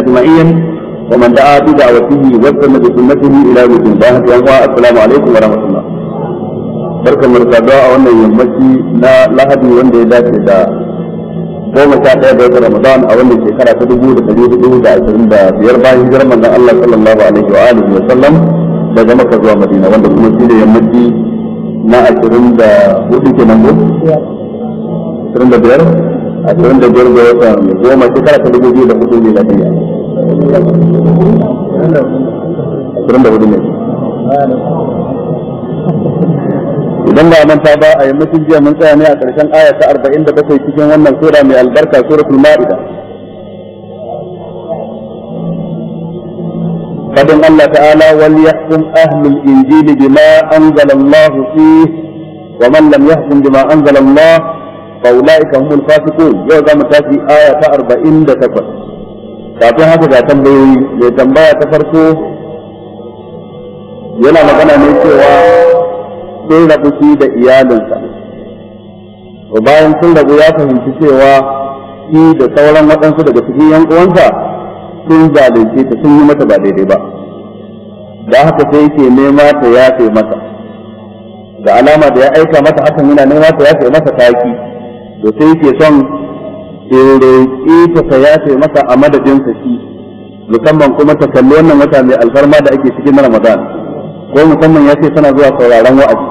أجمعين ومن دعا بدعوته وسلم بسنته إلى يوم الله السلام عليكم ورحمة الله barkan mu da a wannan yammaci na lahadi wanda ya dace da goma sha ɗaya ga watan ramadan a wannan shekara ta dubu da ɗari hudu da ashirin da biyar bayan hijirar manzon Allah sallallahu alaihi wa alihi wa sallam daga Makka zuwa Madina wanda kuma shi ne yammaci na ashirin da hudu kenan ko ashirin da biyar ashirin da biyar ga watan goma shekara ta dubu biyu da hudu ne na biya ashirin da hudu ne idan ba manta ba a yammacin jiya mun tsaya ne a ƙarshen aya ta arba'in da bakwai cikin wannan sura mai albarka suratul ma'ida fadin Allah ta'ala wal yahkum ahlul injili bima anzala Allah fihi wa man lam yahkum bima فأولئك هم الفاسقون يوم تاتي آية 40 تكبر kafin haka ga tambayoyi mai tambaya ta farko yana magana ne cewa sun rabu shi da iyalinsa bayan sun rabu ya fahimci cewa shi da sauran waɗansu daga cikin yan uwansa sun zalunce ta sun yi mata ba daidai ba da haka sai ke nema ta yafe masa da alama da ya aika mata hakan yana nema ta yafe masa taki to sai yake son in roƙe ta saya ta masa a madadin sa shi musamman kuma ta kalli wannan wata mai alfarma da ake cikin Ramadan ko musamman ya ce tana zuwa sauraron wa'azi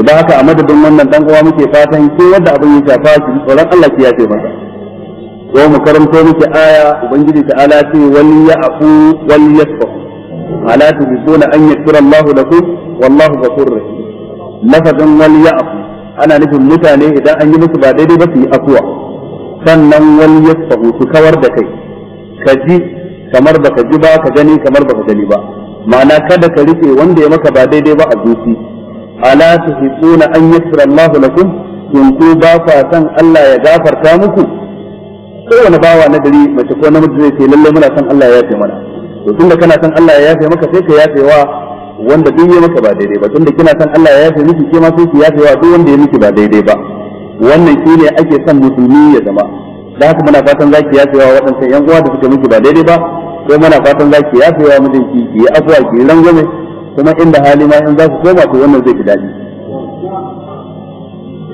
idan haka a madadin wannan dan uwa muke fatan ke wanda abin ya shafa ki tsoron Allah ki yafe masa ko mu karanto muke aya ubangiji ta ala ce wal ya'fu wal yasfahu ala dun an yakfura Allah lakum wallahu ghafurur rahim lafazan wal ya'fu ana nufin mutane idan an yi musu ba daidai ba su yi afuwa sannan wani ya sabu su kawar da kai ka ji kamar ka ji ba ka gani kamar ka gani ba ma'ana kada ka rufe wanda ya maka ba daidai ba a zuci ala tuhibuna an yasra Allahu lakum in ku ba fa san Allah ya gafarta muku kowane bawa na gari mace ko namiji zai ce lalle muna san Allah ya yafe mana to tunda kana san Allah ya yafe maka sai ka yafe wa wanda duk ya maka ba daidai ba tunda kina san Allah ya yafe miki ke ma sai ki yafe wa duk wanda ya miki ba daidai ba wannan shine ake son musulmi ya zama da haka muna fatan zaki yafe wa waɗansu yan uwa da suka miki ba daidai ba ko muna fatan zaki yafe wa mijinki ki yi afuwa ki yi rangwame kuma inda hali ma in za ku koma to wannan zai fi daɗi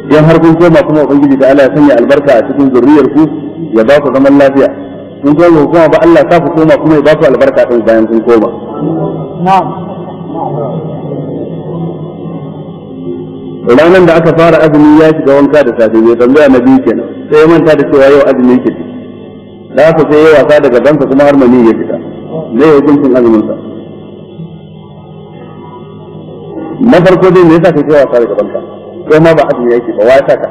idan har kun koma kuma ubangiji da Allah ya sanya albarka a cikin zuriyar ku ya ba ku zaman lafiya kun koma kuma ba Allah ya ku koma kuma ya ba ku albarka din bayan kun koma na'am ranar da aka fara azumi ya shiga wanka da safe bai tambaya na biyu kenan sai ya manta da cewa yau azumi yake da aka sai ya wasa daga bansa kuma har mani ya fita zai yi azumin azuminsa na farko dai me yasa kake wasa daga banka ko ma ba azumi yake ba wata ka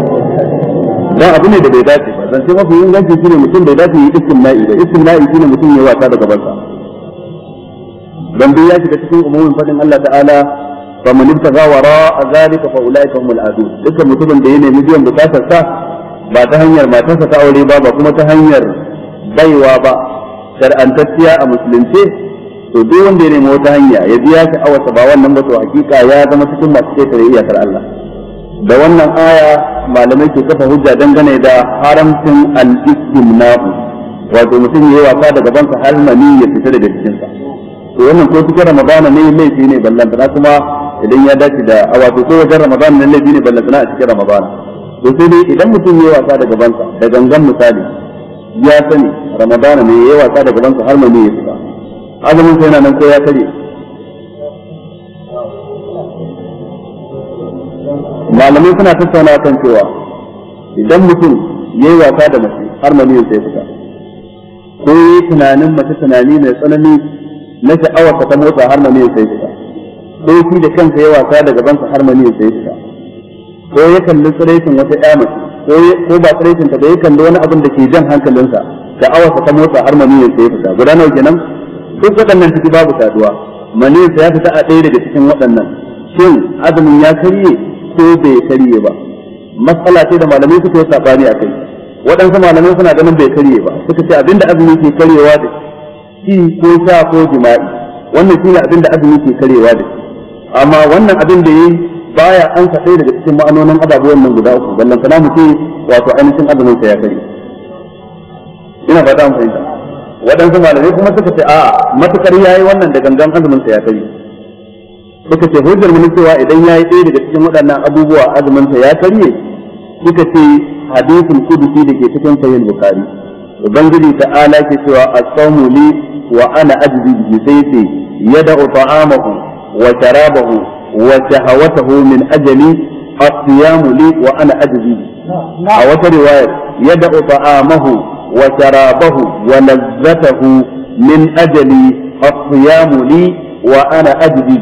dan abu ne da bai dace ba zan sai mafi inganci shine mutum bai dace yi na'i ba istimna'i shine mutum ya wasa da gabansa dan ya shiga cikin umumin fadin Allah ta'ala fa man ibtaga wara zalika fa ulaika humul adun dukkan mutumin da ya nemi biyan bukatar sa ba ta hanyar matarsa ta aure ba ba kuma ta hanyar baiwa ba shar'antacciya a musulunce to duk wanda ya nemi wata hanya ya biya awata ba wannan ba to hakika ya zama cikin masu ketare iyakar Allah da wannan aya malamai ke kafa hujja dangane da haramcin al-istimna'u wato mutum yi wasa da gaban sa har mani ya fita daga cikin sa to wannan ko cikin ramadana ne laifi ne ballantana kuma idan ya dace da a wato ko wajen ramadana ne laifi ne ballantana a cikin ramadana to sai dai idan mutum yi wasa da gaban sa da gangan misali ya sani ramadana ne yi wasa da gaban sa har mani ya fita azumin sai yana nan ko ya kare malamai suna tattauna kan cewa idan mutum ya yi wasa da mace har maniyin sai fita ko yi tunanin mace tunani mai tsanani na sha'awar ta motsa har maniyin sai fita ko shi da kansa yayi wasa da gabansa har maniyin sai fita ko ya kalli tsiraitin wata ƴa mace ko ko ba tsiraitin ta ba ya kalli wani abin da ke jan hankalinsa sha'awar ta motsa har maniyin sai fita guda nawa kenan duk waɗannan ciki babu saduwa sa ya fita a ɗaya daga cikin waɗannan shin azumin ya karye ko bai karye ba matsala ce da malamai suka yi sabani a kai waɗansu malamai suna ganin bai karye ba suka ce abinda azumi ke karyewa da shi ko sha ko jima'i wannan shi ne abinda azumi ke karyewa da amma wannan abin da yayi baya an sa daga cikin ma'anonin ababuwan nan guda uku wannan kana mu ce wato ainihin azumin sa ya karye ina fata an fahimta waɗansu malamai kuma suka ce a matukar yayi wannan da gangan azumin sa ya karye suka ce hujjar mun cewa idan yayi ɗaya daga cikin waɗannan abubuwa azumin sa ya karye suka ce hadisin kudusi da ke cikin sahih bukhari ubangiji ta'ala ke cewa as-sawmu li wa ana ajzi bihi sai ce yad'u ta'amahu wa sharabahu wa shahawatahu min ajali as-siyamu li wa ana ajzi a wata riwaya yad'u ta'amahu wa sharabahu wa lazzatahu min ajali as-siyamu li wa ana ajzi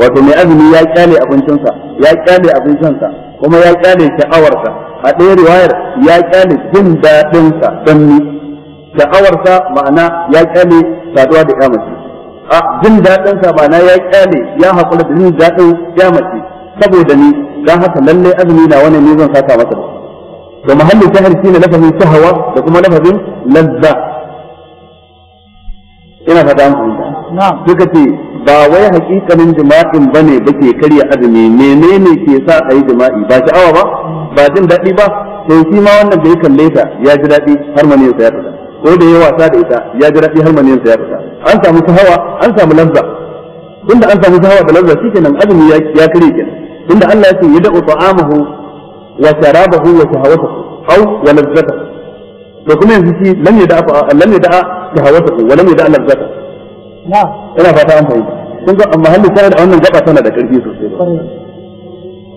wato mai azumi ya kyale abincinsa ya kyale abincinsa kuma ya kyale sha'awarsa a ɗaya riwayar ya kyale jin daɗinsa don ni sha'awarsa ma'ana ya kyale saduwa da kyamace a jin daɗinsa ma'ana ya kyale ya haƙura da jin daɗin kyamace saboda ni don haka lalle azumi na wani ne zan saka masa da muhallin shahar shine lafazin shahawa da kuma lafazin lazza ina fata an fahimta suka ce ba wai hakikanin jima'in bane bake karya azumi menene ke sa ayi jima'i ba sha'awa ba ba jin daɗi ba to shi ma wannan da ya kalle ta ya ji daɗi har mani ya fita ko da ya wasa da ita ya ji daɗi har mani ya fita an samu sahawa an samu lazza tunda an samu hawa da lazza kenan azumi ya ya kare kenan tunda Allah ya ce yad'u ta'amahu wa sharabahu wa shahawatahu aw wa lazzatahu to kuma yanzu shi lam yada'a lam yada'a shahawatahu wa lam yada'a lazzatahu ina fata an fahimta kun ga amma halin tana da wannan gaba tana da karfi sosai ba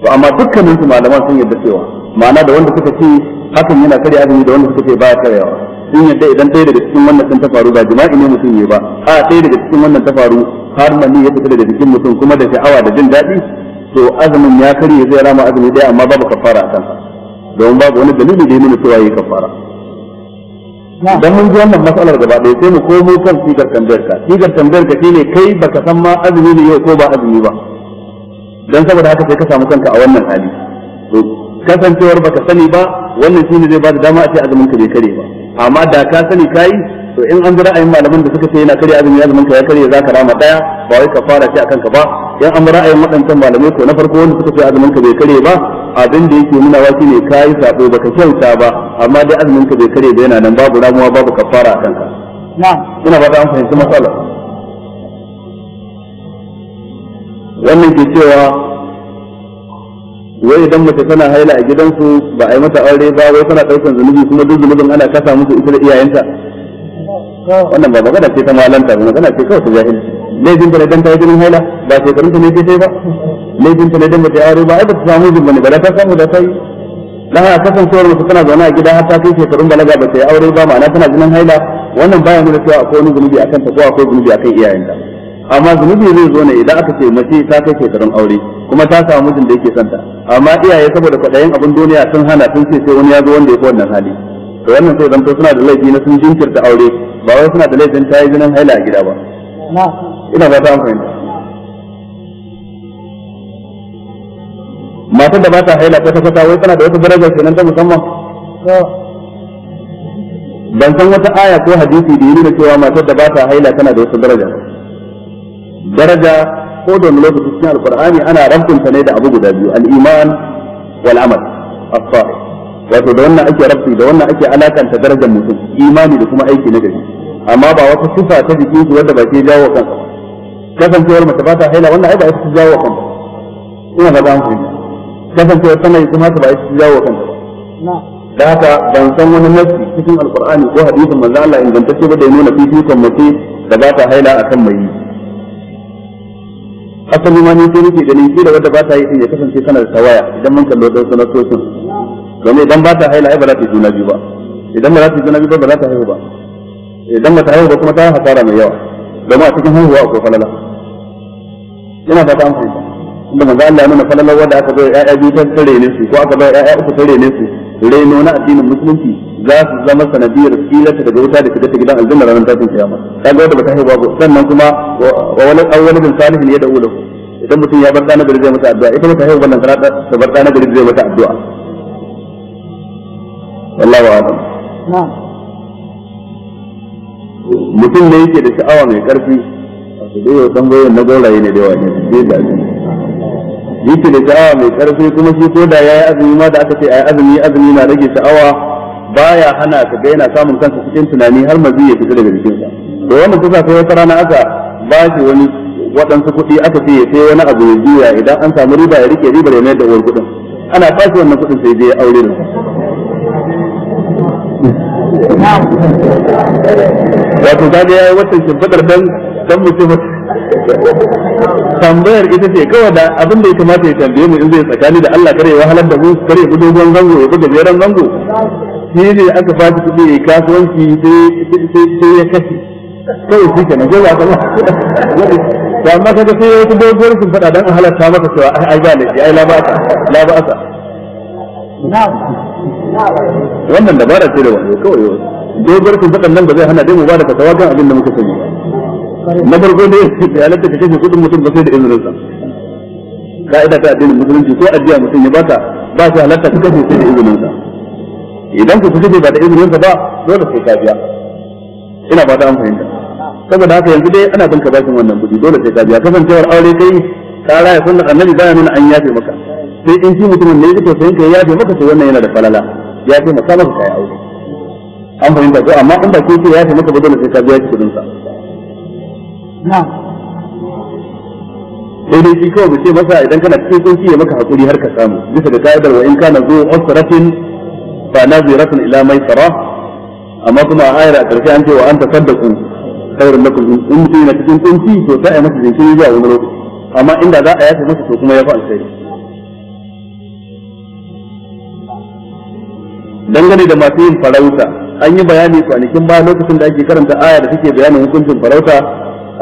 to amma dukkanin su malaman sun yadda cewa ma'ana da wanda suka ce hakan yana karya azumi da wanda suka ce baya karyawa sun yadda idan ɗaya daga cikin wannan sun ta faru ba jima'i ne mutum ne ba a ɗaya daga cikin wannan ta faru har mani ya fita daga cikin mutum kuma da sha'awa da jin daɗi to azumin ya karye zai rama azumi ɗaya amma babu kafara a kansa domin babu wani dalili da ya nuna cewa ya kafara dan mun ji wannan matsalar gaba ɗaya sai mu komo kan sigar tambayar ka sigar tambayar ka shine kai baka san ma azumi ne yau ko ba azumi ba dan saboda haka sai ka samu kanka a wannan hali to kasancewar baka sani ba wannan shine zai ba da dama a ce azumin ka bai kare ba amma da ka sani kai to in an bi ra'ayin malaman da suka ce yana karya azumi azumin ka ya karya za ka rama daya ba wai ka fara shi akan ka ba in an bi ra'ayin waɗancan malamai ko na farko wanda suka ce azumin ka bai karya ba abin da yake nuna wa shine kai sabo baka kyauta ba amma dai azumin ka bai karya ba yana nan babu ramuwa babu kafara akan ka na'am ina ba ta an fahimci matsalar wannan ke cewa wai idan mace tana haila a gidansu ba a yi mata aure ba wai tana ɗaukar zunubi kuma duk zunubin ana kasa musu ita da iyayenta wannan ba magana ce ta malanta ba magana ce kawai ta jahilci laifin ta dan ta yi jinin haila ba shekarun ta ne ta sai ba laifin ta dan ba ta aure ba ai ba ta samu jin bane ba da ta samu da ta yi dan haka kasancewar mutu tana zaune a gida har ta kai shekarun balaga ba ta yi aure ba ma'ana tana jinin haila wannan baya nuna cewa akwai wani zunubi akan ta ko akwai zunubi akan iyayenta amma zunubi zai zo ne idan aka ce mace ta kai shekarun aure kuma ta samu mijin da yake santa amma iyaye saboda kwaɗayin abin duniya sun hana sun ce sai wani ya zo wanda ya fi wannan hali to wannan sai zanto suna da laifi na sun jinkirta aure ba wai suna da laifin ta yi jinin haila a gida ba ina ba ta amfani matan da ba ta haila ta kwata wai tana da wata daraja kenan ta musamman ban san wata aya ko hadisi da yi nuna cewa matar da ba ta haila tana da wata daraja daraja ko da wani lokaci cikin alkur'ani ana rabtunta ne da abu guda biyu al-iman wal amal as wato da wannan ake rabti da wannan ake alakanta darajar mutum imani da kuma aiki na gari amma ba wata sifa ta jikin shi wanda ba ke jawo kansa kasancewar mace ba ta haila wannan ai ba ita ta jawo kansa ina ga ban kuma kasancewar tana yi kuma ta ba ita ta jawo kansa da haka ban san wani nasi cikin alqur'ani ko hadisin manzo Allah ingantacce ba da ya nuna fifikon mace da ba ta haila akan mai yi asali ma ne sai nake ganin da wanda ba ta yi din ya kasance tana da tawaya idan mun kallo da sunan sosai domin idan ba ta haila ai ba za ta yi juna biyu ba idan ba za ta yi juna biyu ba ba za ta haihu ba idan mata haihu ba kuma ta hasara mai yawa domin a cikin haihuwa akwai falala ina da an fahimta inda manzo Allah ya nuna falala wanda aka bai ya biyu ta tare ne su ko aka bai ƴaƴa uku tare ne su reno na addinin musulunci za su zama sanadiyar filata daga wuta da ta ta gidan aljanna ranar tashin kiyama kaga wanda ba ta haihuwa ba sannan kuma wa wani awwalin salihin ya da'u lahu idan mutum ya bar dana gari zai masa addu'a ita ta haihu wannan sana ta bar dana gari zai mata addu'a wallahu a'lam na'am mutum ne yake da sha'awa mai karfi a su ɗan tambayoyin na gauraye ne da yawa ne sai da yake da sha'awa mai karfi kuma shi ko da yayi azumi ma da aka ce ayi azumi azumi na rage sha'awa baya hana ka ga yana samun kansa cikin tunani har mazi ya fita daga jikinsa to wannan kusa sai wata rana aka ba shi wani waɗansu kuɗi aka ce ya sai wani abu ya juya idan an samu riba ya rike ribar ya mayar da uwar kuɗin ana ba shi wannan kuɗin sai je aure da wato ta ya yi wata shimfidar dan dan mutum tambayar ita ce kawai da abin da ya kamata ya tambaye mu in zai tsakani da Allah kare wahalar da mu kare ku dogon zango ya buga jeran zango shi ne aka fata kuɗi ya kasuwanci sai ya kashe kawai shi kenan ko ba ta ba amma kaga sai wata dogon sun faɗa dan halatta maka cewa ai ba ne ai la ba ta la ba ta na'am wannan dabara ce da wani kawai yau dogar ku zakan nan ba zai hana dai mu ba da fatawa kan abin da muka sani na farko ne ya lantarki kashe kudin mutum ba sai da izinin sa ka'ida ta addinin musulunci ko addiya mutum ya baka ba su halatta ka kashe sai da izinin sa idan ku kashe ba da izinin sa ba dole sai ka biya ina ba ta an fahimta saboda haka yanzu dai ana bin ka bashin wannan kudi dole sai ka biya kasancewar aure kai ka raya sunnar annabi bayanin an yafe maka sai in shi mutumin ne ya fito sai kai ya fi maka sai wannan yana da falala ya fi maka maka kai aure an fahimta ko amma in ba ke ce ya fi maka ba dole sai ka biya shi kudin sa na'am sai dai shi kawai ce masa idan kana cikin kunci ya maka hakuri har ka samu bisa da ka'idar wa in kana zo usratin fa naziratun ila mai tsara amma kuma a ayar a ƙarshe an ce wa an tasaddaqu khairun lakum in mutum yana cikin kunci to sai a masa jinkiri zuwa wani lokaci amma inda za a yafe masa to kuma ya fi alkhairi dangane da masu yin farauta an yi bayani kwanakin baya lokacin da ake karanta aya da suke bayanin hukuncin farauta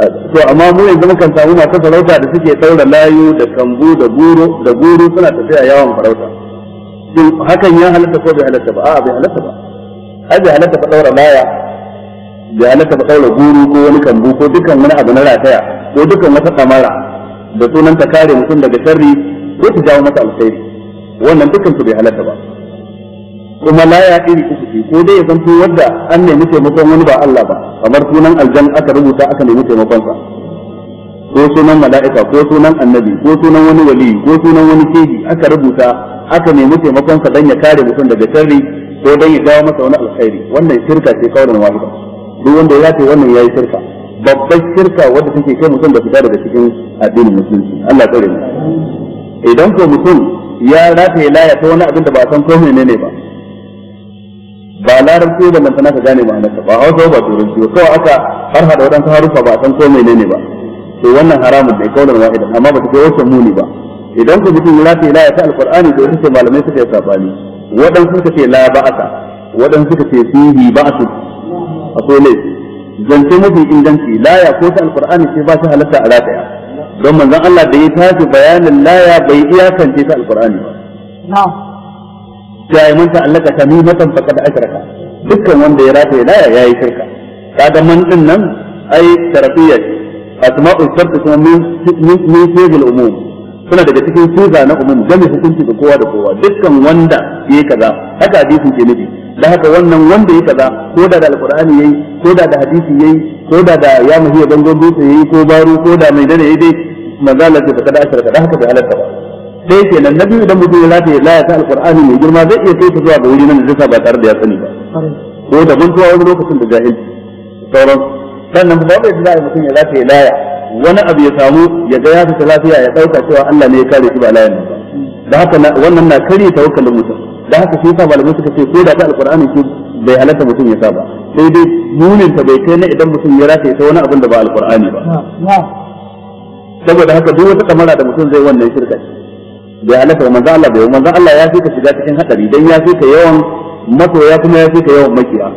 uh, to amma mu yanzu mukan samu masu farauta da suke daura layu da kambu da guru da guru suna tafiya yawon farauta shin hakan ya halatta ko bai halatta ba a'a bai halatta ba ai bai halatta ba daura laya bai halatta ba daura guru ko wani kambu ko dukkan wani abu na rataya ko dukkan wata kamara da sunan ta kare mutum daga sharri ko ta jawo masa alkhairi wannan dukkan su bai halatta ba kuma la ya iri kusufi ko dai ya zanto wadda an nemi taimakon wani ba Allah ba kamar sunan aljan aka rubuta aka nemi taimakon sa ko sunan mala'ika ko sunan annabi ko sunan wani wali ko sunan wani keji aka rubuta aka nemi taimakon sa dan ya kare mutum daga sharri ko dan ya dawo masa wani alkhairi wannan shirka ce kawai da wahida duk wanda ya ce wannan yayi shirka babbar shirka wadda take kai mutum da fita daga cikin addinin musulunci Allah kare mu idan ko mutum ya rataye laya ta wani abin da ba san ko menene ba ba larabci ba mantana ka gane ma'anarsa ba hausa ba turanci ba kawai aka har hada wadansu haruffa ba a san ko menene ba to wannan haramun ne kaulan wahidan amma ba ta kai wacce muni ba idan ku mutum ya ta ilaya ta alqur'ani to ita ce malamai suka yi sabani wadansu suka ce la ba'asa wadansu suka ce fihi ba'su akwai laifi zance mafi inganci laya ko ta alqur'ani sai ba shi halatta a rataya don manzon Allah da ya tashi bayanin laya bai iyakance ta alqur'ani ba ga man ta'allaka tamimatan faqad ashraka dukkan wanda ya da ya yi shirka kaga man din nan ai tarafiyya asma'ul shart kuma min min sirrul umum suna daga cikin siga na umum game hukunci ga kowa da kowa dukkan wanda yayi kaza haka hadisin ke nabi da haka wannan wanda yayi kaza ko da da alqur'ani yayi ko da da hadisi yayi ko da da ya muhiya bangon dutse yayi ko baro ko da mai dane yayi dai manzala da kada ashraka da haka bai halarta ba sai kenan na biyu idan mutum ya rataye laya ta alqur'ani mai girma zai iya kai ta zuwa ga wuri nan da najasa ba tare da ya sani ba ko da zuwa wani lokacin da jahil sauran sannan ba bai da mutum ya rataye laya wani abu ya samu ya ga ya fita lafiya ya dauka cewa Allah ne ya kare shi ba layan ba da haka wannan na kare tawakkalin mutum da haka sai sa malamai suka ce ko da ta alqur'ani ce bai halatta mutum ya sa ba sai dai munin ta bai kai na idan mutum ya rataye ta wani abin da ba alqur'ani ba saboda haka duk wata kamara da mutum zai wannan shirka bai halaka manzo Allah bai manzo Allah ya fi ka shiga cikin hadari dan ya fi ka yawan masoya kuma ya fi ka yawan makiya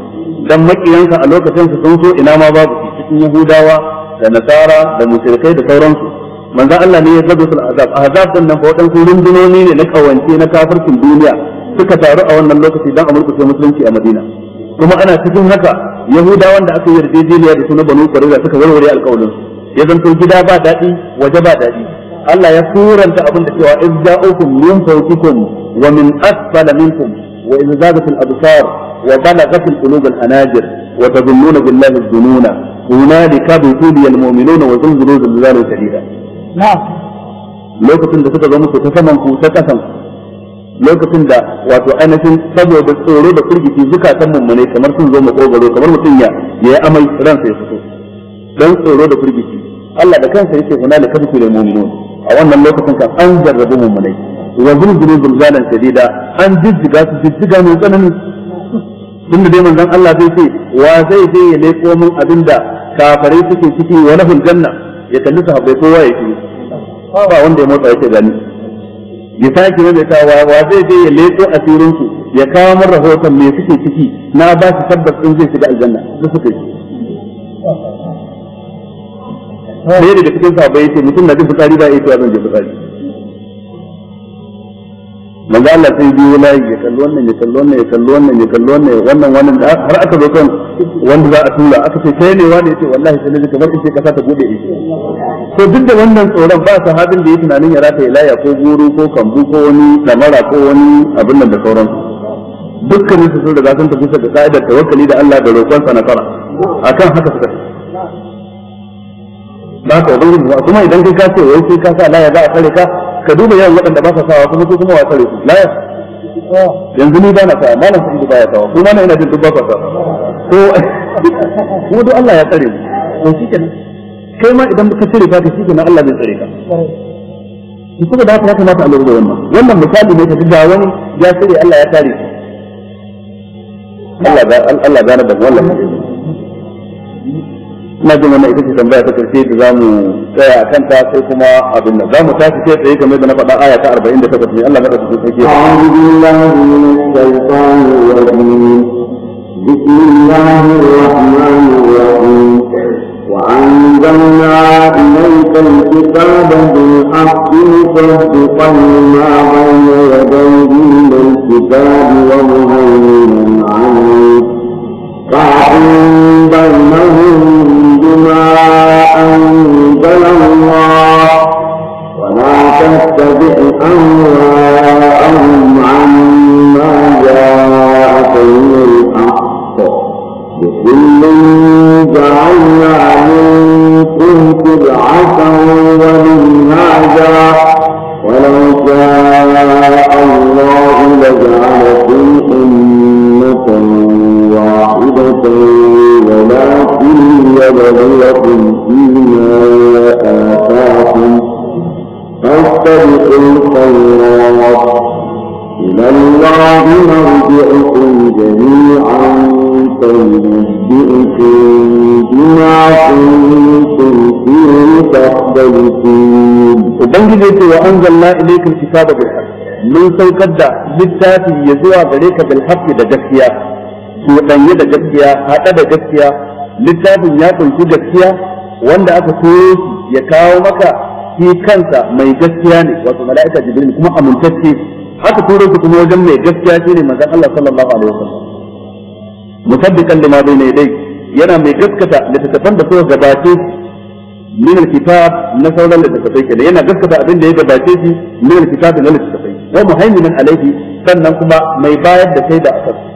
dan makiyansa a lokacin su sun so ina ma babu cikin yahudawa da nasara da mushrikai da sauransu manzo Allah ne ya gado sul azab azab din nan fa wadansu rundunoni ne na kawance na kafircin duniya suka taru a wannan lokaci dan a murkushe musulunci a Madina kuma ana cikin haka yahudawan da aka yi yarjejeniya da su na banu qurayza suka warware alƙawarin ya zanto gida ba daɗi waje ba daɗi Allah ya suranta abin da cewa in ja'ukum min fawqikum wa min asfala minkum wa in zadatul absar wa balagatul qulub al hanajir wa tadhunnuna billahi dhununa hunalika butuli al mu'minuna wa zilzilu zilzalan shadida na'am lokacin da suka zo muku ta saman ku ta kasan lokacin da wato ainihin saboda tsoro da firgici zukatan mummune kamar sun zo mu makogaro kamar mutum ya ya amai ransa ya fito dan tsoro da firgici Allah da kansa yake hunalika da mu'minun a wannan lokacin kan an jarrabu mu'minai wa zulzilu zulzalan sadida an jijjiga su jijjiga mai tsanani tun da dai manzon Allah zai ce wa zai je ya leko min abinda kafarai suke ciki wa lahul janna ya kalli sahabbai kowa ya ci ba wanda ya motsa yake gani ya sake mai ta wa wa zai je ya leko asirin su ya kawo min rahoton me suke ciki na ba su tabbas in zai shiga aljanna su suke ci. ɗaya daga cikin sahabbai yace mutum na jin fitsari ba ya ce zan je fitsari manzo Allah sai biyo layi ya kalli wannan ya kalli wannan ya kalli wannan ya kalli wannan ya wannan wannan har aka zo kan wanda za a tura aka ce sai ne wani yace wallahi sai ne kamar ce kasa ta bude ido to duk da wannan tsoron ba sahabin da ya tunanin ya rata ilaya ko guru ko kambu ko wani damara ko wani abin nan da sauran dukkanin su sun riga sun tafi da ka'idar tawakkali da Allah da roƙon sa nasara akan haka suka ba ka ubangiji ba kuma idan kai ka ce wai sai ka sa laya za a tsare ka ka duba yawan waɗanda ba sa sawa kuma su kuma wa tsare su laya yanzu ni ba na sawa malam sun duba ya sawa kuma na ina jin duk ba ka sawa ko kuma duk Allah ya tsare mu to shikenan kai ma idan ka tsare ka na Allah zai tsare ka in kuma da haka ya kamata a lura da wannan wannan misali ne ka ji da wani ya tsare Allah ya tsare Allah ga Allah ga da wannan ina jin wannan ita ce tambaya ta karshe da zamu tsaya a kanta sai kuma abin da zamu tashi sai tsaye kamar da na faɗa aya ta 48 ne Allah madaka su sake a'udhu billahi minash shaitanir rajim bismillahir rahmanir وأنزلنا إليك الكتاب بالحق مصدقا لما بين يديه من الكتاب ومهيمنا عليه فاحكم بينهم ما أنزل الله ولا تتبع أهواءهم عما جاءك من الحق لكل جعلنا منكم تبعة ومنهاجا ولو شاء الله لجعلكم أمة واحدة ولا ليبلغكم فيما آتاكم فاستبقوا الخيرات إلى الله مرجعكم جميعا فينبئكم بما كنتم فيه تختلفون وبنجد وأنزلنا إليك الكتاب بالحق mun saukar da littafi ya zuwa gare ka bil haqqi da gaskiya cuɗanye da gaskiya haɗa da gaskiya littafin ya kunshi gaskiya wanda aka koyo shi ya kawo maka shi kansa mai gaskiya ne wato mala'ika jibril kuma amintacce aka turo shi kuma wajen mai gaskiya shine manzon Allah sallallahu alaihi wasallam musaddiqan lima bayna yadayhi yana mai gaskata littattafan da suka gabace min alkitab na sauran littattafai kenan yana gaskata abin da ya gabace shi min alkitab na littattafai wa muhaiminan alaihi sannan kuma mai bayar da shaida a kansa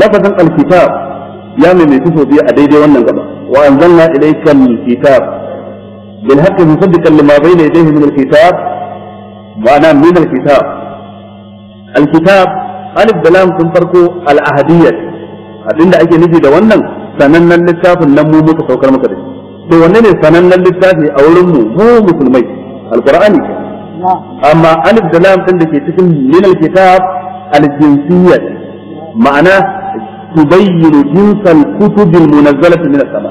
lafazin alkitab ya maimaitu sau biyu a daidai wannan gaba wa anzalna ilayka al-kitab bil haqqi musaddiqan lima bayna yadayhi min al-kitab ma'ana min al-kitab al-kitab alif da lam sun farko al-ahadiyyah abinda ake nufi da wannan sanannen littafin nan mu muka saukar maka da to wanne ne sanannen littafi a wurin mu mu musulmai al-qur'ani amma alif da lam din da ke cikin min al-kitab al-jinsiyyah ma'ana tubayyinu jinsal kutubil munazzalati min as-sama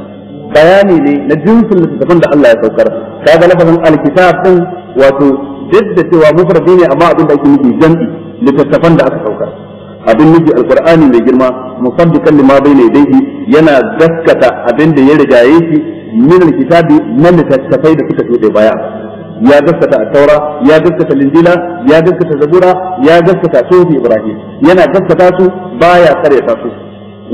bayani ne na jinsin littattafan da Allah ya saukar kaga lafazin alkitab din wato jidda cewa mufradi ne amma abin da ake nufi jam'i littattafan da aka saukar abin nufi alqur'ani mai girma musaddiqan lima bayna yadayhi yana gaskata abin da ya riga yake min alkitabi na littattafai da suka shuɗe baya ya gaskata taura ya gaskata linjila ya gaskata zabura ya gaskata sufi ibrahim yana gaskata su baya karyata su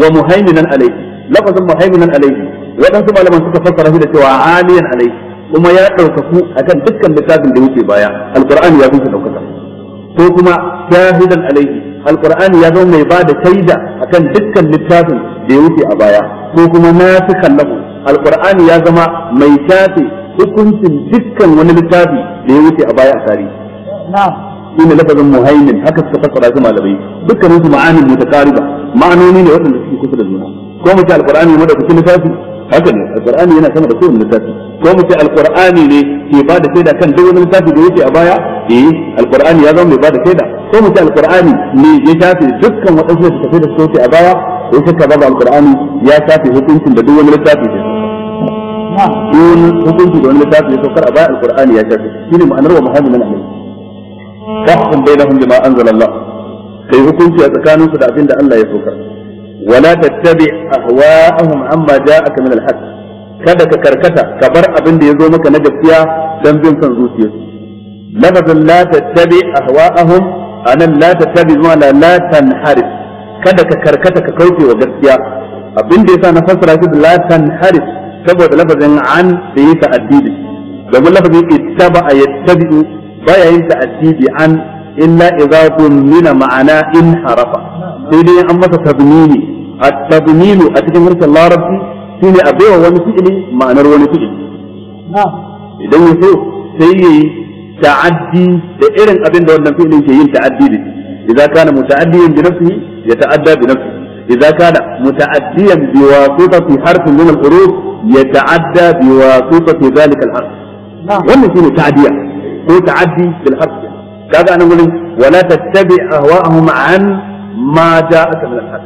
wa muhaiminan alaihi lafazin muhaiminan alaihi waɗansu malaman suka fassara shi da cewa aliyan alaihi kuma ya ɗaukaku akan dukkan littafin da wuce baya alqur'ani ya kunsa ɗaukaka ko kuma shahidan alaihi alqur'ani ya zama mai ba da shaida akan dukkan littafin da ya wuce a baya ko kuma nafikan lahu alqur'ani ya zama mai shafe hukuncin dukkan wani littafi da ya wuce a baya a tarihi na'am shine lafazin muhaimin haka suka fassara shi malamai dukkanin su ma'anin mutakariba ma'anoni ne waɗanda ko mu ce alqur'ani mu da kuke littafi haka ne alqur'ani yana sama da kowane littafi ko mu ce alqur'ani ne ke ba da shaida kan duk wani littafi da yake a baya eh alqur'ani ya zama mai ba da shaida ko mu ce alqur'ani ne ya shafe dukkan wadansu da tafi da soke a baya ko shakka babu alqur'ani ya shafe hukuncin da duk wani littafi da duk hukunci da wani littafi ya saukar a baya alqur'ani ya shafe shine ma'anar wa muhammadin alaihi fahkum bainahum bima anzala Allah kai hukunci a tsakaninsu da abin da Allah ya saukar wala tattabi ahwa'ahum amma ja'aka min al kada ka karkata ka bar abin da zo maka na gaskiya dan bin san zuciyarsu lafazin la tattabi ahwa'ahum anan la tattabi ma la la tanharif kada ka karkata ka kauce wa gaskiya abin da yasa na fassara shi la tanharif saboda lafazin an da yi ta'addidi domin lafazin ittaba yattabi'u baya yin ta'addidi an إلا إذا ضمن معنى انحرف سيدي أما تبنيني التبنين أتكلم لك الله ربي سيدي أبيه ونسئلي معنى ونسئلي نعم إذا نسئل سيدي تعدي لإرن أبين دولنا فيه لين تعدي لي إذا كان متعديا بنفسه يتعدى بنفسه إذا كان متعديا بواسطة حرف من الحروف يتعدى بواسطة ذلك الحرف نعم ونسئلي تعديا هو تعدي بالحرف kaga anan gurin wala tattabi ahwa'ahum an ma ja'aka min al-haq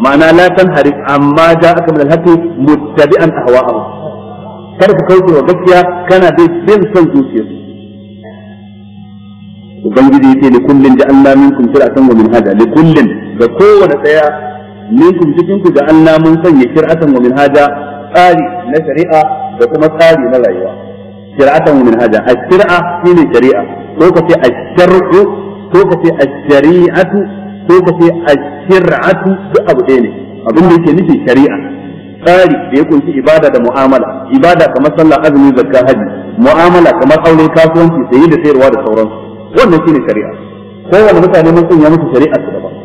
ma'ana la tanharif amma ja'aka min al-haq muttabi'an ahwa'ahum kada ka kauce wa gaskiya kana dai bin son zuciyarsu ubangiji yace li kullin ja'alna minkum shir'atan wa minhaja li kullin ga kowane daya minkum cikin ku ja'alna mun sanya shir'atan wa minhaja tsari na shari'a da kuma tsari na rayuwa shari'atan wa minhaja ash-shari'a shine shari'a ko ka ce ash-shar'u ko ka ce ash-shari'atu ko ka ce ash-shir'atu duk abu ɗaya ne abin da yake nufin shari'a tsari da ya kunshi ibada da mu'amala ibada kamar sallah azumi zakka haji mu'amala kamar aure kasuwanci sayi da sayarwa da sauransu wannan shine shari'a wanda mutane mun sanya musu shari'a su daban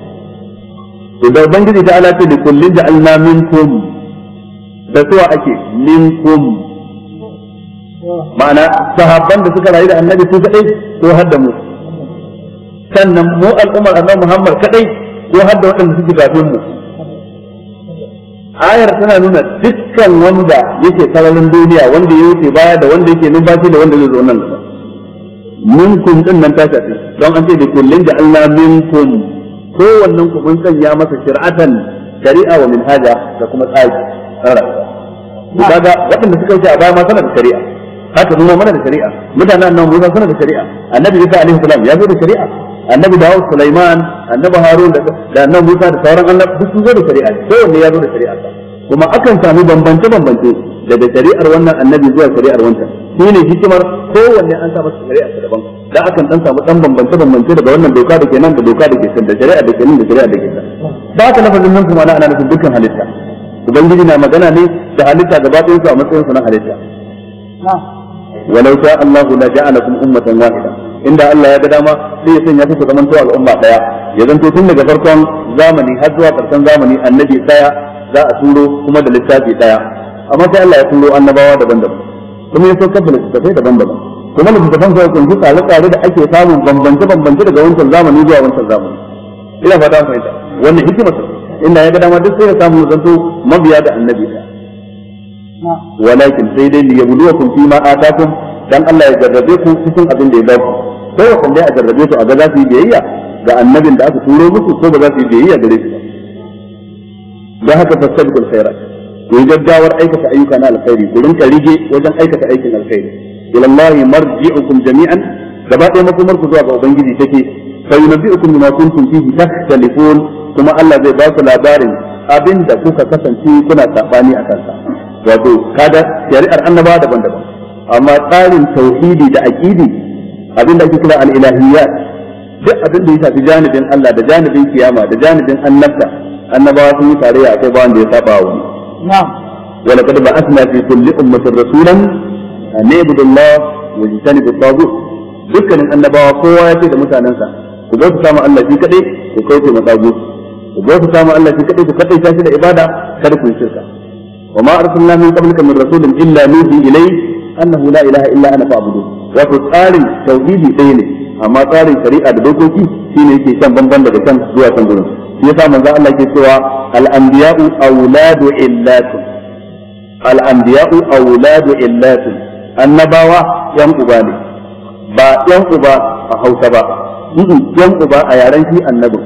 to da ubangiji ta ala da kullun da alna minkum da suwa ake minkum ma'ana sahabban da suka rayu da annabi su kadai ko har da mu sannan mu al'ummar annabi Muhammad kadai ko har da waɗanda suke kafin mu ayar tana nuna dukkan wanda yake sararin duniya wanda ya wuce baya da wanda yake numfashi da wanda zai zo nan gaba kun din nan ta shafi don an ce da kullun da Allah ko wannan ku mun sanya masa shir'atan shari'a wa minhaja da kuma tsari kaga waɗanda suka wuce a baya ma sanar da shari'a haka mu mana da shari'a mutanen nan mu suna da shari'a annabi Isa alaihi salam ya zo da shari'a annabi Dawud Sulaiman annabi Harun da annabi Musa da sauran annabi duk sun zo da shari'a kowanne ya zo da shari'a kuma akan samu bambance bambance daga shari'ar wannan annabi zuwa shari'ar wancan shi ne hikimar kowanne an sa masa shari'a daban da akan dan samu dan bambance bambance daga wannan doka da ke nan da doka da ke can da shari'a da ke nan da shari'a da ke can da haka lafazin nan kuma ana nufin dukkan halitta ubangiji na magana ne da halitta gaba ɗayan su a matsayin sunan halitta walau sha Allahu la ja'alakum ummatan wahida inda Allah ya ga dama sai ya sanya ku zaman to Umma daya ya zanto tun daga farkon zamani har zuwa karshen zamani annabi daya za a turo kuma da littafi daya amma sai Allah ya turo annabawa daban-daban kuma ya saukar da littattafai daban-daban kuma littattafan sai kun ji tsare-tsare da ake samu bambance-bambance daga wancan zamani zuwa wancan zamani ina fata fahimta wannan hikimar inda ya ga dama duk sai ya samu zanto mabiya da annabi daya walakin sai dai liyabluwakum fi ma dan Allah ya jarrabe ku cikin abin da ya ba sai wa a jarrabe su a ga za su yi biyayya ga annabin da aka turo musu ko ba za su yi biyayya gare shi ba haka fasabiqul khairat ku gaggawar aikata ayyuka na alkhairi ku rinka rige wajen aikata aikin alkhairi ila Allah marji'ukum jami'an gaba ɗaya makomar ku zuwa ga ubangiji take fa yunabbi'ukum bima kuntum fihi takhtalifun kuma Allah zai ba ku labarin abinda kuka kasance kuna sabani a kansa wato kaga shari'ar annaba daban-daban amma tsarin tauhidi da aqidi abin da ake kira al-ilahiyyat duk abin da ya shafi janibin Allah da janibin kiyama da janibin annabta annabawa sun yi tarayya akwai ba da ya saba wa wani ولقد بعثنا في كل أمة رسولا أن اعبدوا الله واجتنبوا الطاغوت dukkanin annabawa kowa ya ce da mutanensa ku zo ku samu Allah shi kadai ku kauce ma tsago ku zo ku samu Allah shi kadai ku kadai shi da ibada kada ku yi shirka وما أرسلنا من قبلك من رسول إلا نوحي إليه أنه لا إله إلا أنا فاعبدون wato tsarin tauhidi ɗaya ne amma tsarin shari'a da dokoki shine yake shan banban daga can zuwa can gurin shi yasa manzo Allah ke cewa al-anbiya'u awladu illatun al-anbiya'u awladu illatun annabawa yan uba ne ba yan uba a Hausa ba yan uba a yaren shi annabin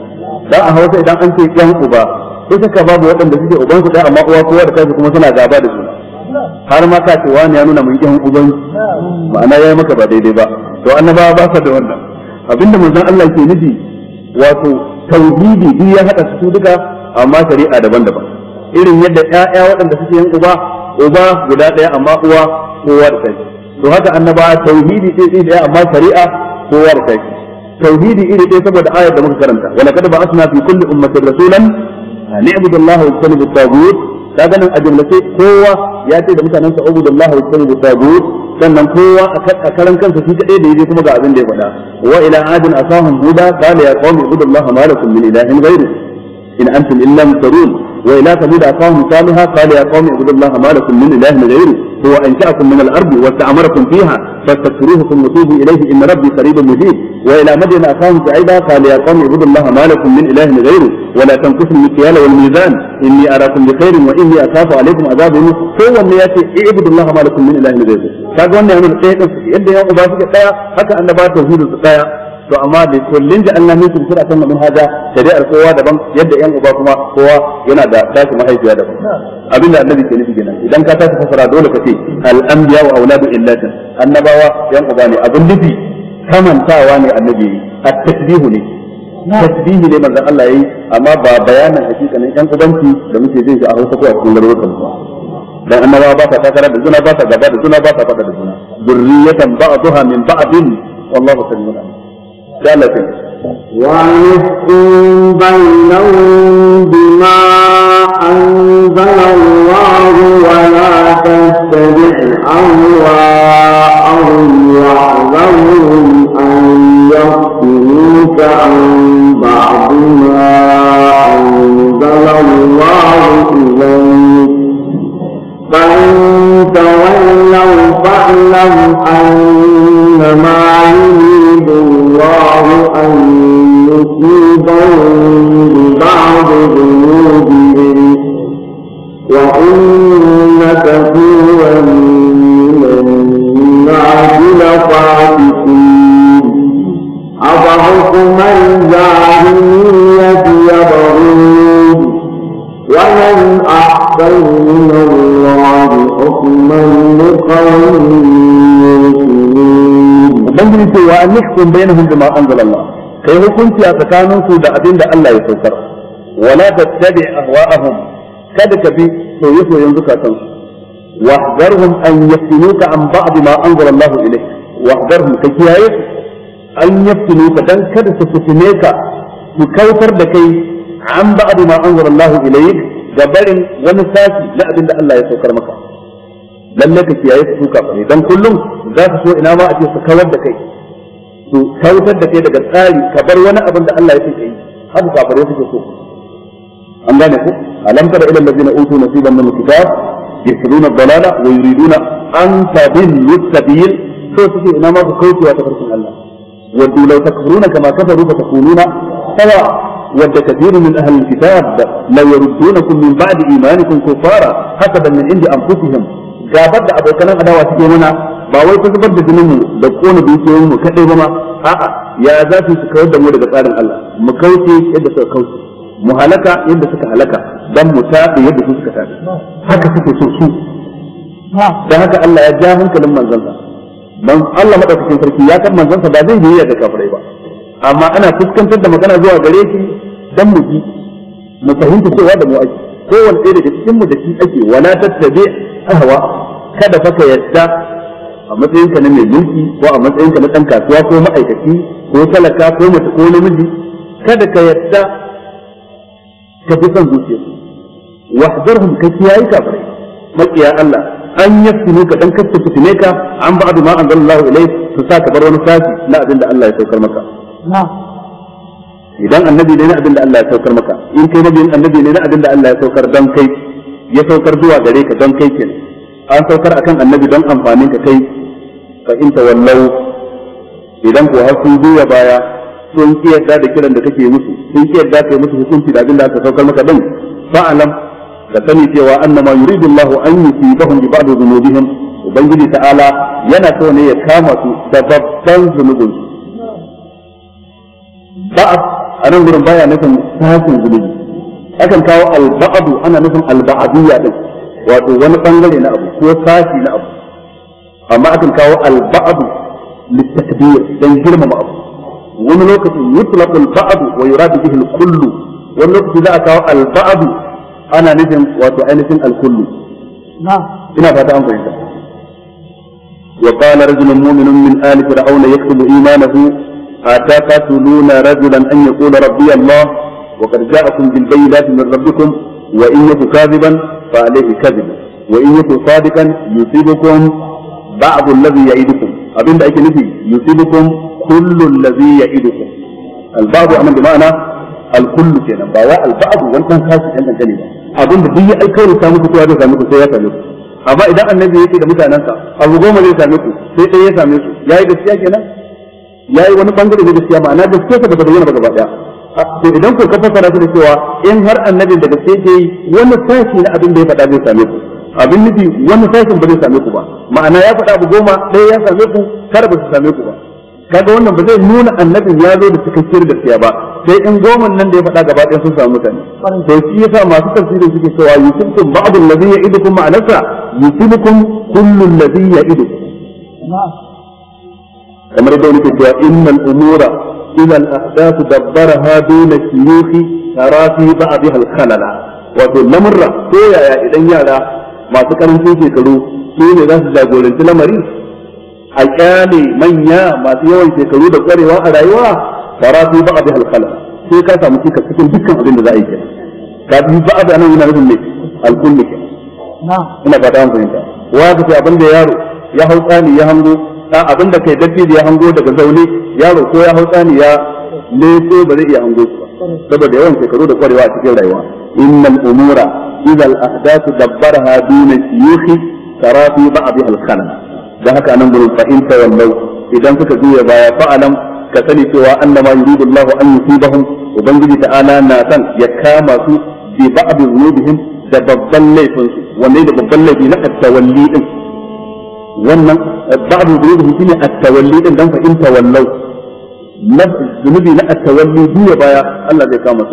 dan a Hausa idan an ce yan uba ko shakka babu waɗanda suke uban su amma uwa kowa da kansu kuma suna gaba da su har ma ka ce wani ya nuna mun yan uban ma'ana yayi maka ba daidai ba to annabawa ba sa da wannan abinda manzon Allah ke nufi wato tauhidi duk ya hada su duka amma shari'a daban-daban irin yadda ƴaƴa waɗanda suke yan uba uba guda ɗaya amma uwa kowa da kansu to haka annabawa tauhidi ɗaya ɗaya amma shari'a kowa da kansu tauhidi iri ɗaya saboda ayar da muka karanta wala kad ba'athna fi kulli ummatin rasulan ne abudullahi wa sallu tagut kaga nan a jumlace kowa ya ce da mutanen sa abudullahi wa sallu tagut sannan kowa a karan kansa shi kadai da yaje kuma ga abin da ya faɗa wa ila adin asahum huda qala ya qaumi ibudullahi ma lakum min ilahin ghayru in antum illa وإلى ثمود أخاهم صالحا قال يا قوم اعبدوا الله ما لكم من إله غيره هو أنشأكم من الأرض واستعمركم فيها فاستكثروه ثم توبوا إليه إن ربي قريب مجيب وإلى مدين أخاهم شعيبا قال يا قوم اعبدوا الله ما لكم من إله غيره ولا تنقصوا المكيال والميزان إني أراكم بخير وإني أخاف عليكم عذاب هو من يأتي اعبدوا الله ما لكم من إله غيره kaga wannan yana da tsaye yadda ya حتى أن بعد توحيد to amma da kullun da Allah minkum shir'atan wa minhaja shari'ar kowa daban yadda yan uba kuma kowa yana da tashi mahaifiya daban abinda annabi ke nufi kenan idan ka tashi fasara dole ka ce al anbiya wa auladu illatin annabawa yan uba ne abun nufi kamantawa ne annabi at tasbihu ne tasbihi ne manzon Allah yayi amma ba bayanin hakikanin yan ubanci da muke jin shi a Hausa ko a cikin garurukan dan annabawa ba sa takara da juna ba sa gaba da juna ba sa faɗa da juna zurriyatan ba'daha min ba'din wallahu samiu alim ذلك بينهم بما أنزل الله ولا تتبع أهواءهم واعذرهم أن يفتنوك عن بعض ما أنزل الله إليك فإن تولوا فاعلم أنما يريد الله أن يصيبهم ببعض ذنوبهم وإن كثيرا من الناس لفاسقين أفحكم الجاهلية يبغون ومن أحسن من الله حكما لقوم ce wa nihkum bainahum bima anzalallah kai hukunci a tsakanin su da abin da Allah ya saukar wala tattabi ahwa'ahum kada ka bi soye soyen zukatan su wahdarhum an yaftinuka an ba'd ma anzalallahu ilayk wahdarhum ka kiyaye an yaftinuka dan kada su fitine ka su kautar da kai an ba'd ma anzalallahu ilayk ga barin wani sashi na abin da Allah ya saukar maka lalle ka kiyaye su kafirai dan kullum za su so ina ma a ce su kawar da kai su kautar da kai daga tsari ka bar wani abin da Allah ya ce kai haka kafare suke so an gane ku alam tara ila allazina utu nasiban min alkitab yasruna dalala wa yuriduna an tadillu sabil so suke ina ma ku kaucewa ta farkin Allah waddu law takfuruna kama kafaru fa takununa sawa wadda kathirun min ahli alkitab law yaruddunakum min ba'di imanikum kufara hasaban min indi anfusihim gabar da abokan adawa suke mana ba wai ta zubar da jinin mu da kona dukiyoyin mu kadai ba ma a'a ya za su su kawar da mu daga tsarin Allah mu kauce yadda suka kauce mu halaka yadda suka halaka dan mu tafi yadda su suka tafi haka suke so su dan haka Allah ya ja hankalin manzansa dan Allah madaukakin sarki ya kan manzansa ba zai yi da kafirai ba amma ana fuskantar da magana zuwa gare shi dan mu ji mu fahimta cewa da mu ake kowanne ɗaya daga cikin mu da shi ake wala tattabe ahwa kada fa ka yadda a matsayinka na mai mulki ko a matsayinka na ɗan kasuwa ko ma'aikaci ko talaka ko mace ko namiji kada ka yadda ka fi son zuciya. zuciyarsu wahdarhum ka kiyaye kafirai makiya Allah an yaftinu ka dan kasta fitine ka an ba'du ma anzalallahu ilai su sa ka bar wani sashi na abin da Allah ya saukar maka idan annabi ne na abin da Allah ya saukar maka in kai nabi annabi ne na abin da Allah ya saukar dan kai ya saukar zuwa gare ka dan kai kenan an saukar akan annabi don amfanin ka kai fa in wallau idan ko har sun juya baya sun ki yadda da kiran da kake musu sun ki yadda kai musu hukunci da abin da aka saukar maka din fa'alam Da sani cewa annama yuridu Allahu an yusibahum bi ba'd dhunubihim ubangiji ta'ala yana so ne ya kama su da babban zunubin su ba'd anan gurin baya nufin sasin zunubi akan kawo alba'adu ana nufin al-ba'diyya din wato wani bangare na abu ko sashi na abu أما أدن كاو البعض للتكبير لنجر ما بعض ومنوك يطلق البعض ويراد به الكل ومنوك في ذاك البعض أنا نجم وتعينس الكل نعم هنا فاتح أنظر إذا وقال رجل مؤمن من آل فرعون يكتب إيمانه أتقتلون رجلا أن يقول ربي الله وقد جاءكم بالبينات من ربكم وإن يكن كاذبا فعليه كذبا وإن يكن صادقا يصيبكم ba'du allazi ya'idukum abinda ake nufi yusibukum kullu allazi ya'idukum al-ba'du anan bi ma'ana al-kullu kenan ba wai al kasu dan dangane ba abinda duk ya alkawari ta zai sami ku sai ya same ku amma idan annabi yake da mutanansa abu goma zai same ku sai ɗaya ya same su gaskiya kenan wani bangare gaskiya ma'ana bayyana ba to idan ku kafa fassara da cewa in har annabi da gaskiya ke wani sashi na abin da ya faɗa zai same ku abin nufi wani sashen ba zai same ku ba ma'ana ya faɗa abu goma ɗaya ya same ku kar ba su same ku ba kaga wannan ba zai nuna annabin ya zo da cikakkiyar gaskiya ba sai in goman nan da ya faɗa gaba ɗaya sun samu mutane to shi yasa masu tafsiri suke cewa yusibukum ba'd alladhi ya'idukum ma'anasa yusibukum kullu alladhi ya'idukum kamar da wani ke cewa innal umura إذا الأحداث دبرها دون الشيوخ ترى في بعضها الخلل wato lamurra ko yaya idan yara masu karancin shekaru su ne za su jagoranci lamari a kyale manya masu yawan shekaru da kwarewa a rayuwa Fara su ba a bi halkala sai ka samu cikin cikin dukkan abin da za a yi kenan ka bi ba a da nan yana nufin ne alkulli kenan ina ta hankali fahimta wa ka ce abin da yaro ya hau tsani ya hango a abin da kai dabbi da ya hango daga zaune yaro ko ya hau tsani ya leso ba zai iya hango su ba saboda yawan shekaru da kwarewa a cikin rayuwa innal umura إذا الأحداث دبرها دون شيوخ ترى في بعضها الخنا ده هكا ننظر فإن تولوا إذا انت تدوي بايا فأعلم كسلي سوى أن ما يريد الله أن يصيبهم وبنجد تعالى ناسا يكاما في بعض ذنوبهم دببال ليفن وني دببال ليفن التولي التوليد وانا بعض ذنوبهم فينا التوليد ده فإن تولوا ذنوبي لك التوليد دوي بايا الله يكاما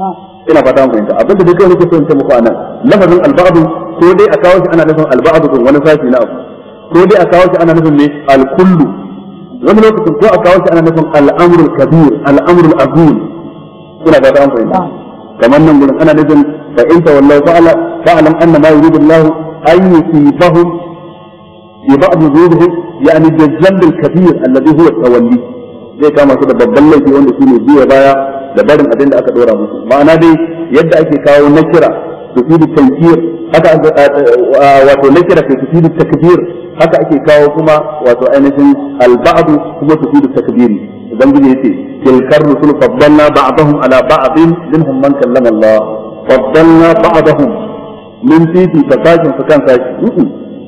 نعم. ina fata mu fahimta abin da dukkan nake so in ce muku anan lafazin alba'du ko dai a kawo shi ana nufin alba'du ko wani sashi na abu ko dai a kawo shi ana nufin ne alkullu wani lokacin ko a kawo shi ana nufin al'amrul kabir al'amrul azim ina fata mu fahimta kamar nan gurin ana nufin fa in ta tawallaw fa'ala fa'lam anna ma yuridu Allah ay yusibahum bi ba'd dhurihim yani bi dhanb al-kabir alladhi huwa tawalli zai kama su da babban laifi wanda shine biya baya da barin abin da aka dora musu ma'ana dai yadda ake kawo nakira tufidu tankir haka wato nakira ke tufidu takbir haka ake kawo kuma wato ainihin al-ba'd kuma tufidu takbiri ubangiji yace tilkar rusul faddalna ba'dahum ala ba'din minhum man kallama Allah faddalna ba'dahum min fifi fasakin fakan sashi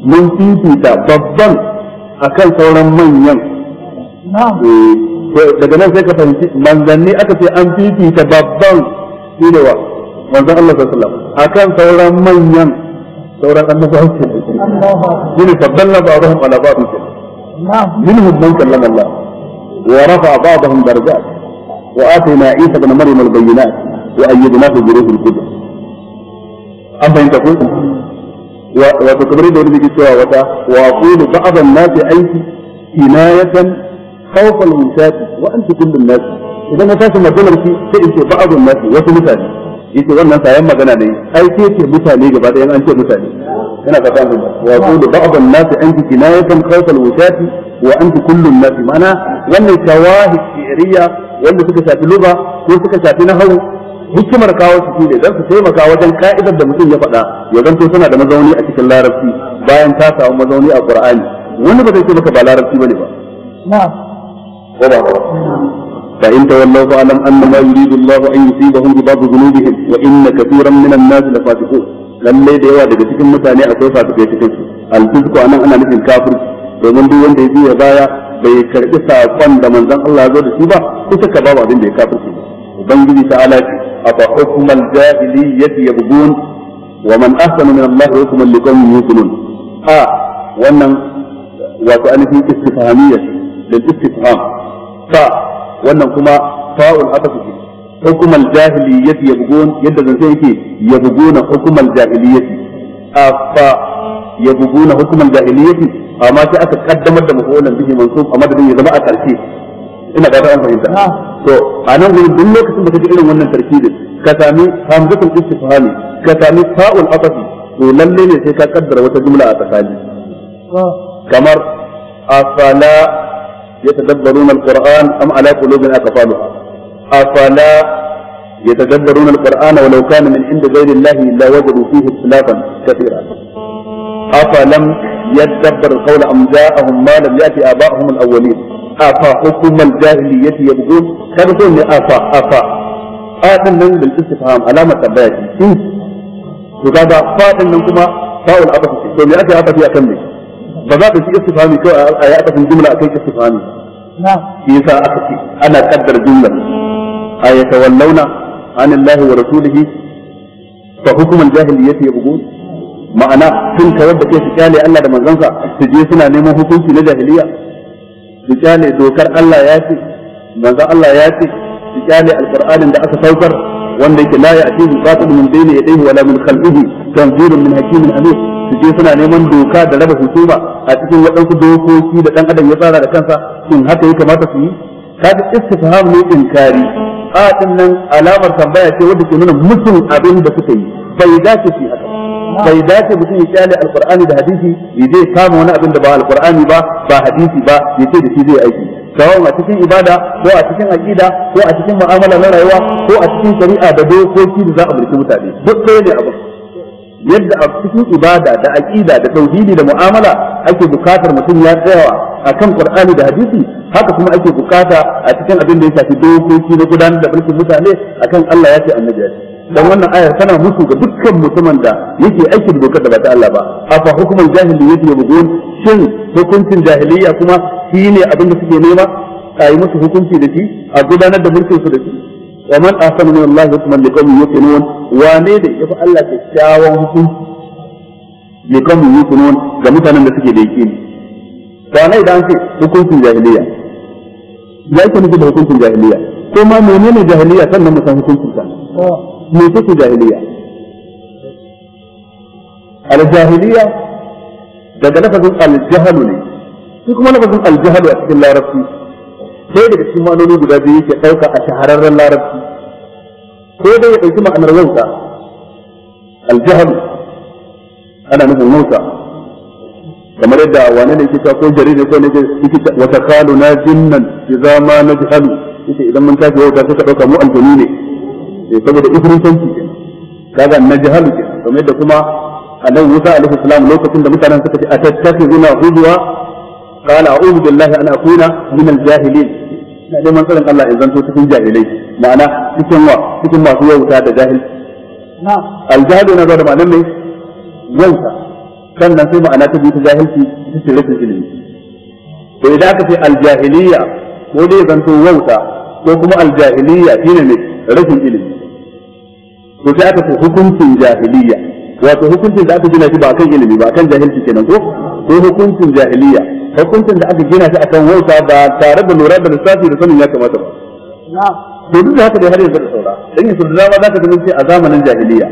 mun fifita babban akan sauran manyan na'am eh. daga nan sai ka fahimci manzanni aka ce an fifita babban shi ne Allah sallallahu alaihi wasallam akan sauran manyan sauran annabawa ke shi ne babban labarin alabaru ke منهم من كلم الله ورفع isa درجات وآتينا عيسى بن wa البينات وأيدناه بروح القدس an fahimta wa wato kamar da wani cewa wata wa qulu ba'd an-nasi aiki inayatan khawfan nishati wa anta kullun nas idan na tashi maganar ki sai in ce ba'dun nas wasu mutane yace wannan sayan magana ne ai ke ce mutane gaba an ce mutane kana ka san wa qulu ba'dun nas anti kinayatan khawfan nishati wa anta kullun nas ma'ana wannan shawahid shi'riya wanda suka shafi luba ko suka shafi nahawu hikimar kawo su ne zan su taimaka wajen ka'idar da mutum ya faɗa ya zanto tana da mazauni a cikin larabci bayan ta samu mazauni a qur'ani wani ba zai ce maka ba larabci bane ba na'am ko ba fa in tawallaw fa alam anna ma yuridu Allah an yusibahum bi ba'd dhunubihim wa inna katiran minan nas la fasiqun lalle da yawa daga cikin mutane akwai fasikai cikin su al-fisqu anan ana nufin kafirci domin duk wanda ya biya baya bai karbi sakon da manzon Allah ya zo da shi ba kusa ka babu abin da ya kafirci ubangiji ta'ala ce afa hukmal jahiliyyati yabghun wa man ahsanu min Allah hukman liqawmin yuqinun ha wannan wato anifin istifhamiyya lil istifham Fa wannan kuma Fa'ul atafu ke hukumar jahiliyyati yabgun yadda zan sai ya yabguna hukumar jahiliyyati ya yabguna hukumar jahiliyyati amma sai aka kaddamar da mafulan bihi mansub a madadin ya zama a karshe ina ga an fahimta to a nan gurin duk lokacin da kaji irin wannan tarkibin ka sami hamzatul istifhami ka sami ta'ul atafi to lalle ne sai ka kaddara wata jumla a tsakani kamar afala يتدبرون القرآن أم على قلوب أقفالها أفلا يتدبرون القرآن ولو كان من عند غير الله لوجدوا فيه اختلافا كثيرا أفلم يتدبر القول أم جاءهم ما لم يأتي آباءهم الأولين أفا حكم الجاهلية يبغون كذا من أفا أفا آدم من بالاستفهام علامة تبايتي to kaga fadin nan kuma fa'ul abasi في me ba za ka ci istifhami kawai a yi akasin jumla akai istifhami shi yasa aka ce ana kaddar jumla a ya tawallauna an Allah wa rasulihi fa hukuman jahiliyyati yabghun ma'ana sun kawar da kai su kyale Allah da manzansa su je suna neman hukunci na jahiliya su kyale dokar Allah ya ce manzo Allah ya ce su kyale alqur'anin da aka saukar wanda yake la ya'tihi batil min bayni yadayhi wala min khalfihi tanzilun min hakimin amin su je suna neman doka da raba hukuma a cikin waɗansu dokoki da ɗan adam ya tsara da kansa shin haka ya kamata su yi kaga istifham ne inkari a din alamar tambaya ce wanda ke nuna mutum abin da suka yi bai dace shi haka bai dace mutum ya kyale alqur'ani da hadisi ya je kama wani abin da ba alqur'ani ba ba hadisi ba ya ce da shi zai aiki sawon a cikin ibada ko a cikin aqida ko a cikin mu'amala na rayuwa ko a cikin shari'a da dokoki da za a mulki mutane duk sai ne abin yadda a cikin ibada da aqida da tauhidi da mu'amala ake bukatar mutum ya tsayawa akan qur'ani da hadisi haka kuma ake bukata a cikin abin da ya shafi dokoki na gudanar da mulkin mutane akan Allah ya ce annabi ya ce dan wannan ayar tana musu ga dukkan mutumin da yake aikin dokar da ba ta Allah ba afa hukumul jahiliyyati yabghun shin hukuncin jahiliyya kuma shine abin da suke nema a yi musu hukunci da shi a gudanar da mulkin su da shi wa man ahsanu min Allah hukman liqawmin yuqinun wane da yafi Allah kyakkyawan hukunci liqawmin yuqinun ga mutanen da suke da yaqini to ana idan ce hukuncin jahiliya ya ke nufi da hukuncin jahiliya ko ma menene jahiliya sannan mu san hukuncin ta me take jahiliya al-jahiliya daga lafazin al-jahlu ne shi kuma lafazin al-jahlu a cikin larabci sai daga cikin ma'anoni guda biyu yake ɗauka a shahararren larabci ko dai ya ɗauki ma'anar wauta aljahal ana nufin wauta kamar yadda wane ne yake ko jarire ko ne yake wata kalu na jinnan idza ma najhalu yake idan mun tafi wauta sai ka ɗauka mu aljani ne sai eh, saboda ga kaga najhalu kenan kamar yadda kuma annabi Musa alaihi salam lokacin da mutanen suka ce atattakhizuna huzwa قال اعوذ بالله ان اكون من الجاهلين لا من صدق الله اذا انتم تكون جاهلين معنى تكون ما تكون ما هو هذا جاهل نعم الجاهل هنا هذا معنى ايه؟ يوتا كان الناس معنى تجي تجاهل في سيرة الجنين فاذا كانت الجاهليه ودي اذا انتم يوتا وكما الجاهليه في نمت رجل الجنين وجاءت في حكم في الجاهليه وفي حكم في ذات الجنين في باقي الجنين باقي الجاهل في كنبه في حكم في الجاهليه hukuncin da aka gina shi akan wauta ba tare da lura da lissafi da sanin ya kamata ba to duk da haka dai har yanzu da saura dan yanzu da ba za ka gani a zamanin jahiliya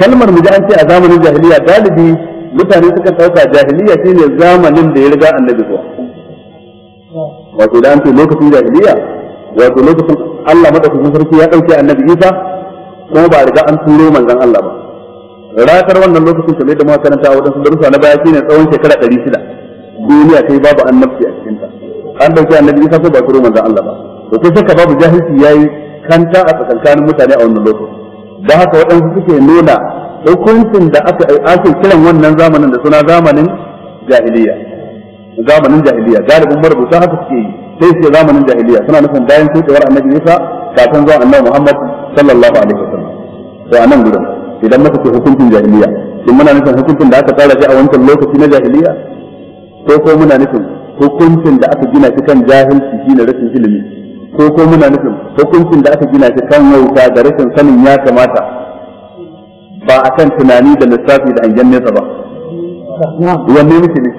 kalmar mu an ce a zamanin jahiliya galibi mutane suka dauka jahiliya shine zamanin da ya riga annabi zuwa wato da an ce lokacin jahiliya wato lokacin Allah madaukakin sarki ya dauke annabi Isa kuma ba riga an turo manzon Allah ba ratar wannan lokacin kamar da muka karanta waɗansu darussa na baya shine tsawon shekara ɗari shida duniya kai babu annabci a cikinta an dauki annabi isa ko ba turo manzon Allah ba to kai saka babu jahilci yayi kanta a tsakankanin mutane a wannan lokacin da haka waɗansu suke nuna hukuncin da aka ake kiran wannan zamanin da suna zamanin jahiliya zamanin jahiliya galibin marubuta haka suke yi sai suke zamanin jahiliya suna nufin bayan shuɗewar annabi isa kafin zuwa annabi Muhammad sallallahu alaihi wasallam to anan gudan idan muka ce hukuncin jahiliya shin muna nufin hukuncin da aka tsara shi a wancan lokaci na jahiliya ko ko muna nufin hukuncin da aka gina shi kan jahilci shine rashin ilimi ko ko muna nufin hukuncin da aka gina shi kan wauta da rashin sanin ya kamata ba a kan tunani da lissafi da anjan nesa ba wanne muke ne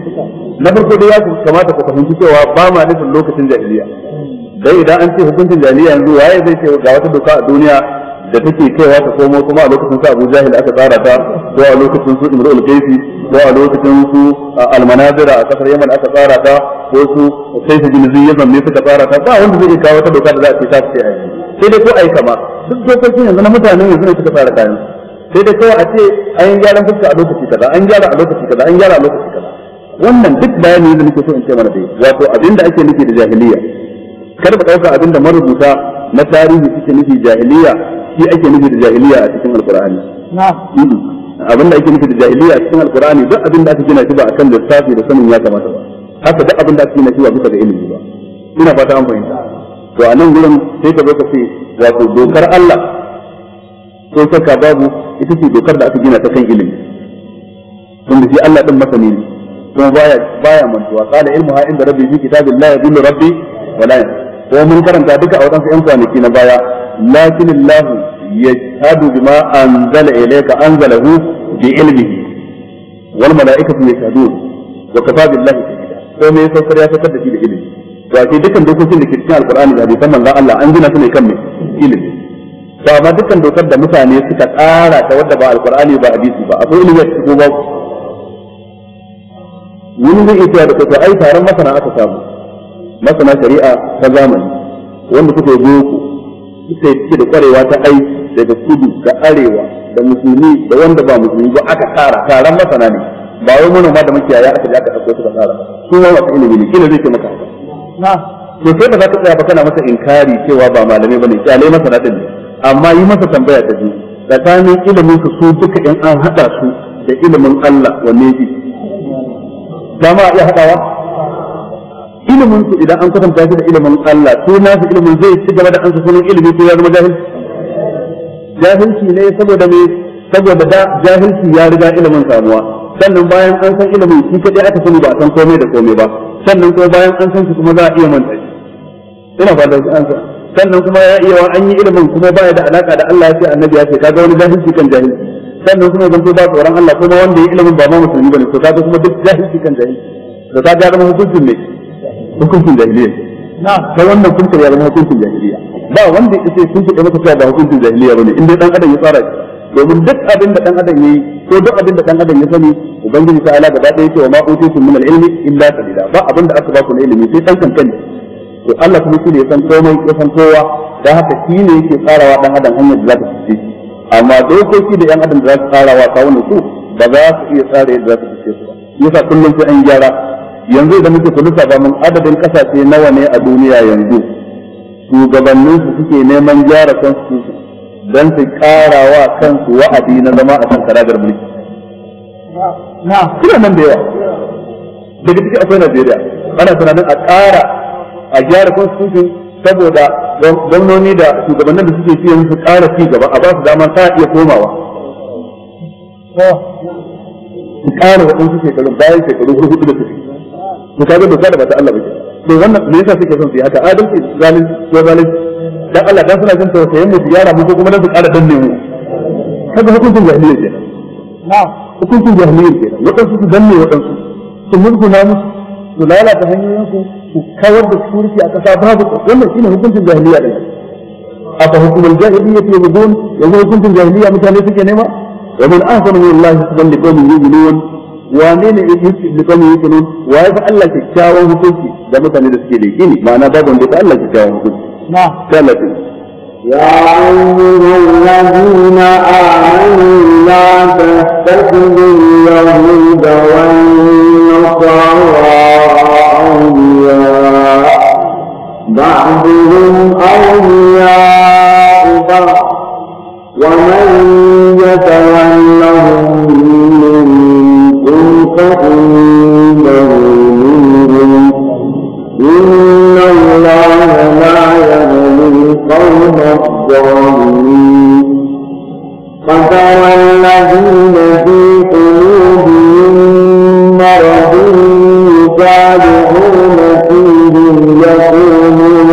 na farko dai ya kamata ku fahimci cewa ba ma nufin lokacin jahiliya dai idan an ce hukuncin jahiliya yanzu waye zai ce ga wata doka a duniya da take kaiwa ta komo kuma a lokacin su Abu Jahil aka tsara ta ko a lokacin su Imrul Kaifi ko a lokacin su Al-Manazira a kasar Yaman aka tsara ta ko su Saif bin Ziyad ne suka tsara ta ba wanda zai kawo ta doka da za a ce ta ce ai sai dai ko ai kama duk dokokin yanzu na mutanen yanzu ne suka tsara kayan sai dai kawai a ce an yi gyaran fuska a lokaci kaza an gyara a lokaci kaza an gyara a lokaci kaza wannan duk bayani da nake so in ce mana dai wato abinda ake nufi da jahiliya kada ka dauka abinda marubuta na tarihi suke nufi jahiliya shi ake nufi da jahiliya a cikin alqur'ani abin da ake nufi da jahiliya a cikin alqur'ani duk abin da aka gina shi ba akan lissafi da sanin ya kamata ba haka duk abin da aka gina shi ba bisa ga ilimi ba ina fata an fahimta to a nan gurin sai ka zo ka ce wato dokar Allah ko saka babu ita ce dokar da aka gina ta kan ilimi tunda shi Allah din masani ne kuma baya baya mantuwa qala ilmuha inda rabbi fi kitabillahi yadullu rabbi wa la ko mun karanta duka a wadansu yan kwanaki na baya lakin Allah yashhadu bima anzala ilayka anzalahu bi ilmihi wal malaikatu yashhadun wa kafa billahi shahida ko me yasa ya fitar da shi da ilimi wato dukkan dokokin da ke cikin alqur'ani da hadisan manzon Allah an gina su ne kan me ilimi ba ma dukkan dokar da mutane suka tsara ta wadda ba alqur'ani ba hadisi ba akwai ilimi da ko ba wani zai iya da ko ai taron masana aka samu masana shari'a ta zamani wanda suka zo boko suka yi cike da kwarewa ta aiki daga kudu da arewa da musulmi da wanda ba musulmi ba aka tsara taron masana ne ba wai ma da yaya aka je aka ɗauko suka tsara su ma wasu ilimi ne kila zai ce maka haka to sai da za ka tsaya ba kana masa inkari cewa ba malamai bane kyale masana din ne amma yi masa tambaya ta biyu tsakanin ilimin su su duka in an haɗa su da ilimin Allah wanne ji dama iya hadawa ilimin su idan an kwatanta shi da ilimin Allah ko na nasu ilimin zai ci gaba da an sunan ilimi ko ya zama jahil jahilci ne saboda me saboda da jahilci ya riga ilimin samuwa sannan bayan an san ilimin shi kadai aka sani ba a san komai da komai ba sannan ko bayan an san shi kuma za a iya manta shi ina fata an san sannan kuma ya iya wa an yi ilimin kuma baya da alaka da Allah sai ce annabi ya ce kaga wani jahilci kan jahilci sannan kuma zan ba tsoron Allah kuma wanda ya ilimin ba ma musulmi bane to kaga kuma duk jahilci kan jahilci da kaga zama hukuncin ne hukuncin jahiliya ta wannan zama hukuncin jahiliya ba wanda ya ce sun fiɗe maka cewa ba hukuncin jahiliya bane in dai dan adam ya tsara domin duk abin da dan adam yayi ko duk abin da dan adam ya sani ubangiji ta ala gaba ɗaya cewa ma utitu min al-ilmi illa qalila ba abin da aka ba ku na ilimi sai dan kankani to Allah kuma shi ne ya san komai ya san kowa dan haka shi ne yake tsarawa dan adam hanyar da za ta fice amma dokoki da yan adam da za su tsarawa kawunan su ba za su iya tsara yadda za su fice su ba yasa kullum sai an gyara yanzu idan muke ku lissafa mun adadin kasashe nawa ne a duniya yanzu shugabannin su suke neman gyara kansu don su ƙara wa kansu wa'adi na zama a kan karagar mulki suna nan da yawa daga ciki akwai Najeriya ana tunanin a ƙara a gyara constitution saboda gwamnoni da shugabannin da suke fiye su ƙara ci gaba a ba su dama ta iya komawa su ƙara waɗansu shekaru bayan shekaru hudu da suke to kaga doka da ba ta Allah ba to wannan me yasa suke son su yi haka adalci zalunci ko zalunci dan Allah dan suna jin tausayin mu ziyara mu ko kuma dan su ƙara danne mu kaga hukuncin jahiliyya kenan na hukuncin jahiliya kenan wadansu su danne wadansu su musguna musu su lalata hanyoyinsu su kawar da security a kasa babu wannan shine hukuncin jahiliya din hukumar jahiliyya jahiliyyati yabudun yanzu hukuncin jahiliyya mutane suke nema wa min ahsanu min Allah subhanahu wa ta'ala yu'minun wane ne ya hukunci da kan yake nun waye fa Allah kyakkyawan hukunci da mutane da suke laifi ne ma'ana babu wanda Allah kyakkyawan hukunci na talatin يا أيها الذين آمنوا لا تتخذوا اليهود والنصارى أولياء بعضهم أولياء بعض ومن يتولهم القوم الظالمين فترى الذين في قلوبهم مرض يسارعون فيهم يقولون نخشى أن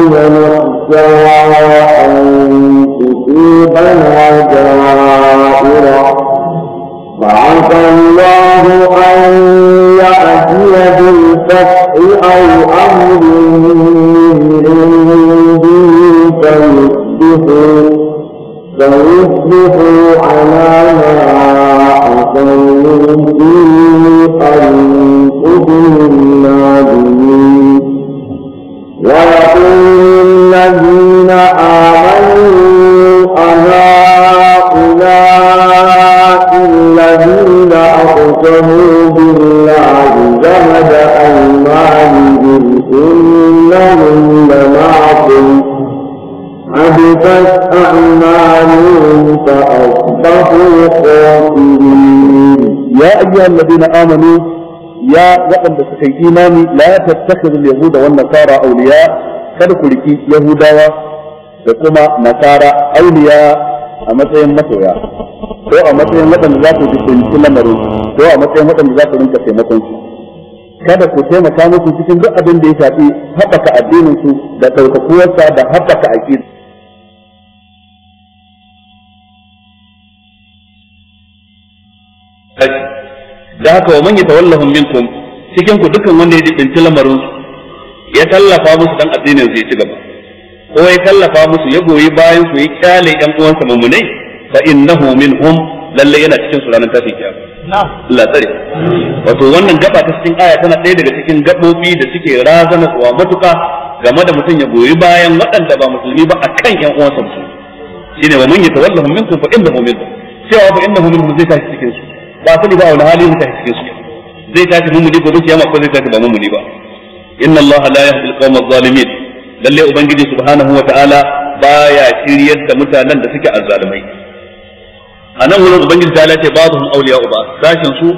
تصيبنا دائرة فعسى الله أن يأتي بالفتح أو أمر من فوجهوا فوجهوا على ما أصلوا في أنفسهم نادمين ويقول الذين آمنوا أهؤلاء الذين أقسموا بالله جهد أيمانهم إنهم لما حبطت أعمالهم فأصبحوا خاسرين يا أيها الذين آمنوا يا وقم بسكي إيماني لا تتخذوا اليهود والنصارى أولياء kada ku riki Yahudawa da kuma Nasara a matsayin ko a matsayin waɗanda za ku ji lamarin ko a matsayin waɗanda za ku rinka taimakon su kada ku taimaka musu cikin duk abin da ya shafi haɓaka addinin su da ɗaukakuwarsa da haɓaka aƙidar da haka wa man yatawallahum minkum cikin ku dukkan wanda ya dinci lamarin su ya tallafa musu dan addinin su ya ci gaba ko ya tallafa musu ya goyi bayan su ya kyale yan sa mumunai fa innahu minhum lalle yana cikin su ranar tafi kiyama Allah tsare wato wannan gaba ta cikin aya tana ɗaya daga cikin gabobi da suke razana wa matuka game da mutum ya goyi bayan waɗanda ba musulmi ba akan yan uwansa musulmi shine wa man yatawallahum minkum fa innahu minhum cewa fa innahu minhum zai tashi cikin su ba sani ba wani hali mutane cikin su zai tashi mun muni gobe kiyama ko zai tashi ba mun muni ba inna Allah la yahdi al-qawm adh-dhalimin lalle ubangiji subhanahu wa ta'ala baya shiryar da mutanen da suke azzalumai anan wurin ubangiji ta lace babu awliya uba sashin su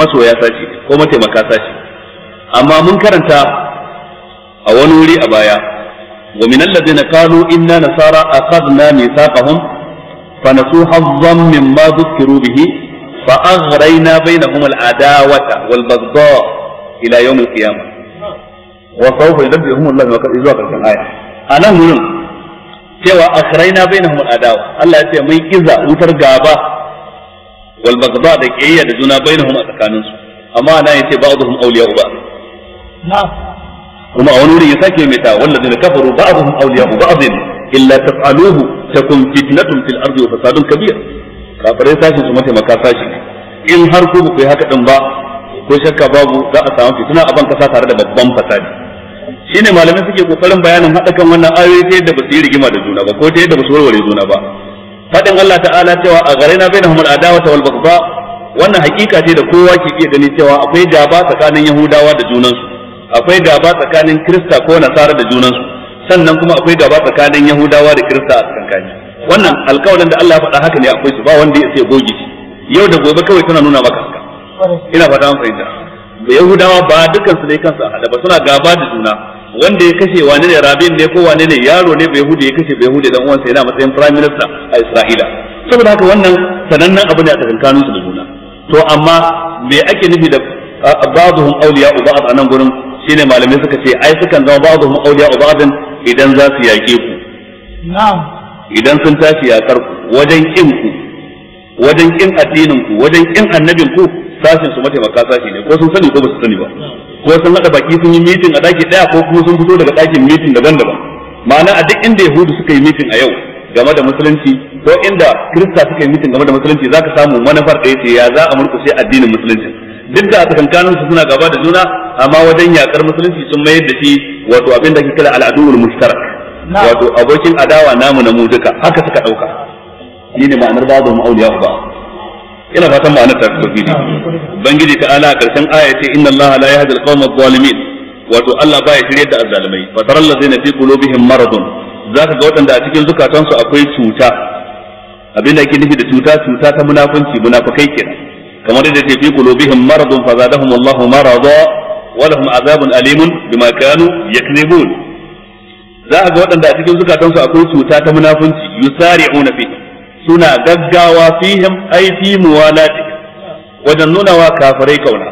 masoya sashi ko mataimaka sashi amma mun karanta a wani wuri a baya wa min alladhina qalu inna nasara aqadna mithaqahum fa nasu hazzan mimma dhukiru bihi fa aghrayna bainahum al-adawata wal baghdha ila yawm al-qiyamah wa sawfa yunabbi'uhum Allah wa kadhi zuwa karshen aya anan wurin cewa aghrayna bainahum al-adawa Allah ya ce mai kiza wutar gaba wal baghdha da kiyayya da juna bainahum a tsakaninsu amma anan yace ba'dhum awliya'u ba na'am kuma a wani wuri ya sake mai ta wallazina kafaru ba'dhum awliya'u ba'dhin illa taf'aluhu takun fitnatun fil ardi wa fasadun kabir kafirai sashin su mataimaka sashi in har ku ku yi haka din ba ko shakka babu za a samu fituna a ban kasa tare da babban fasadi shine malamai suke kokarin bayanin hada kan wannan ayoyi ta yadda ba su yi rigima da juna ba ko ta yadda ba su warware juna ba fadin Allah ta'ala cewa a garena bainahum al-adawa wal baghdha wannan hakika ce da kowa ke iya gani cewa akwai gaba tsakanin Yahudawa da junansu akwai gaba tsakanin Kirista ko Nasara da junansu sannan kuma akwai gaba tsakanin Yahudawa da Kirista a tsakanin wannan alƙawarin da Allah ya faɗa haka ne akwai su ba wanda ya sai goge shi yau da gobe kawai tana nuna maka haka ina fata an fahimta yahudawa ba dukkan su ne kansu a hada ba suna gaba da juna wanda ya kashe wane ne rabin ne ko wane ne yaro ne bai hude ya kashe bai hude dan uwansa yana matsayin prime minister a isra'ila saboda haka wannan sanannen abu ne a tsakankanin su da juna to amma me ake nufi da ba'dhum awliya ba'd anan gurin shine malamai suka ce ai sukan zama ba'dhum awliya ba'd idan za su yake ku na'am idan sun tashi yakar ku wajen kin ku wajen kin addinin ku wajen kin annabin ku sashin su mataimaka sashi ne ko sun sani ko ba su sani ba ko sun haɗa baki sun yi mitin a daki ɗaya ko kuma sun fito daga dakin mitin daban-daban ma'ana a duk inda yahudu suka yi mitin a yau game da musulunci ko inda kirista suka yi mitin game da musulunci zaka samu manufar da ce ya za a murkushe addinin musulunci duk da tsakankanin su suna gaba da juna amma wajen yakar musulunci sun mayar da shi wato abin da ke kira al'adul mushtarak wato abokin adawa namu na mu duka haka suka ɗauka Ni ne ma'anar babu ma'auliya ba ina fatan ma'anar ta tauhidi Bangiji ta ala karshen aya ce inna allaha la yahdi al-qawma adh-dhalimin wato Allah baya shirye da azzalimai fa taral ladzina fi qulubihim maradun zaka ga waɗanda a cikin zukatansu akwai cuta abinda ake nufi da cuta cuta ta munafunci munafikai kenan kamar da ce fi qulubihim maradun fa zadahum Allahu marada wa lahum azabun alimun bima kanu yakzibun za a ga waɗanda a cikin zukatansu akwai cuta ta munafunci yusari'una fi suna gaggawa fihim ai fi muwalati wajen nuna wa kafirai kauna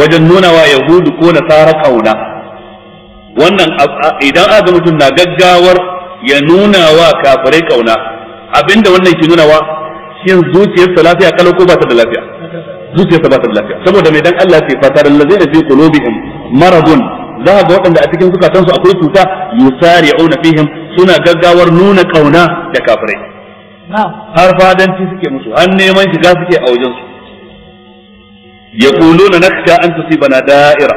wajen nuna wa yahudu ko nasara kauna wannan idan aka mutum na gaggawar ya nuna wa kafirai kauna abinda wannan ke nuna wa shin zuciyarsa lafiya kala ko ba ta da lafiya zuciyarsa ba ta da lafiya saboda mai dan Allah ce fatar allazina fi qulubihim maradun za ga waɗanda a cikin zukatansu akwai cuta yusari'una fihim suna gaggawar nuna kauna da kafirai har fadanci suke musu an neman shiga suke a wajen su na nakasha an bana da'ira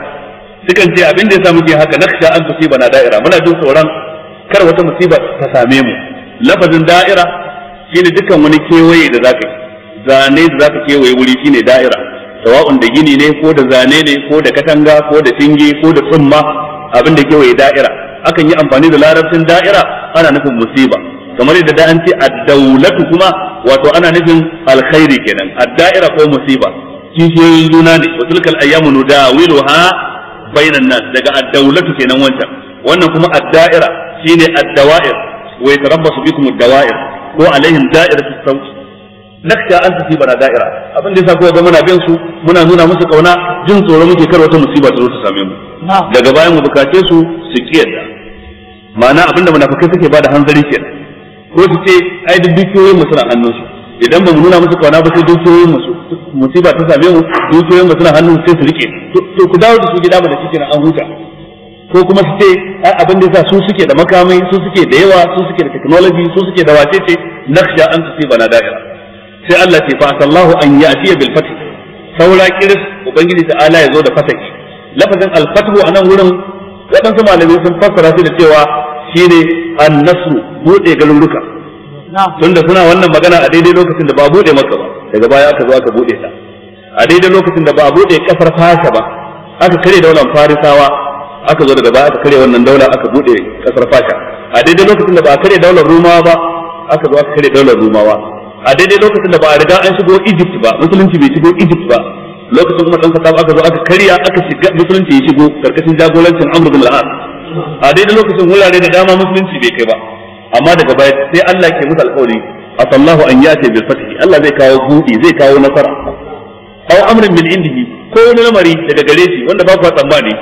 sukan ce abin da ya samu muke haka nakasha an bana da'ira muna jin tsoron kar wata musibar ta same mu lafazin da'ira shine dukkan wani kewaye da zaka zane da zaka kewaye wuri shine da'ira sawa'un da gini ne ko da zane ne ko da katanga ko da tinge ko da tsumma abin da kewaye da'ira akan yi amfani da larabcin da'ira ana nufin musiba kamar yadda da an ce ad-daulatu kuma wato ana nufin alkhairi kenan ad-da'ira ko musiba kishiyoyin juna ne wa tilkal ayyamu nudawiluha bainan nas daga ad-daulatu kenan wancan wannan kuma ad-da'ira shine ad-dawa'ir wa yatarabbasu bikum ad-dawa'ir ko alaihim da'iratu sawt nakta an tafi bana da'ira abin da yasa ko ga muna bin su muna nuna musu kauna jin tsoro muke kar wata musiba ta zo ta same mu daga bayan mu bukace su su kiyarda ma'ana abin da munafikai suke ba da hanzari kenan ko su ce ai duk dukiyoyin mu hannun su idan ba mu nuna musu kwana ba sai dukiyoyin masu musiba ta same mu dukiyoyin masu suna hannun sai su rike to ku dawo da su gida mu da cikin an huta ko kuma su ce ai abin da yasa su suke da makamai su suke da yawa su suke da technology su suke da wace ce nakhsha an tusiba na da'ira sai Allah ce fa sallahu an ya'tiya bil fath saura kiris ubangiji ala ya zo da fataki lafazin al fathu anan wurin waɗansu malamai sun fassara shi da cewa shine annasu bude galuruka tunda suna wannan magana a daidai lokacin da ba bude maka ba daga baya aka zo aka bude ta a daidai lokacin da ba bude kafar fasa ba aka kare daular farisawa aka zo daga baya aka kare wannan daula aka bude kasar fasa a daidai lokacin da ba a kare daular rumawa ba aka zo aka kare daular rumawa a daidai lokacin da ba a riga an shigo Egypt ba musulunci bai shigo Egypt ba lokacin kuma dan kasa aka zo aka karya aka shiga musulunci ya shigo karkashin jagorancin Amr bin al-As a daidai lokacin wurare da dama musulunci bai kai ba amma daga baya sai Allah ke musu alƙawari asallahu an yati bil fathi Allah zai kawo buɗi zai kawo nasara aw amrin min indihi ko wani lamari daga gare shi wanda ba ku tsammani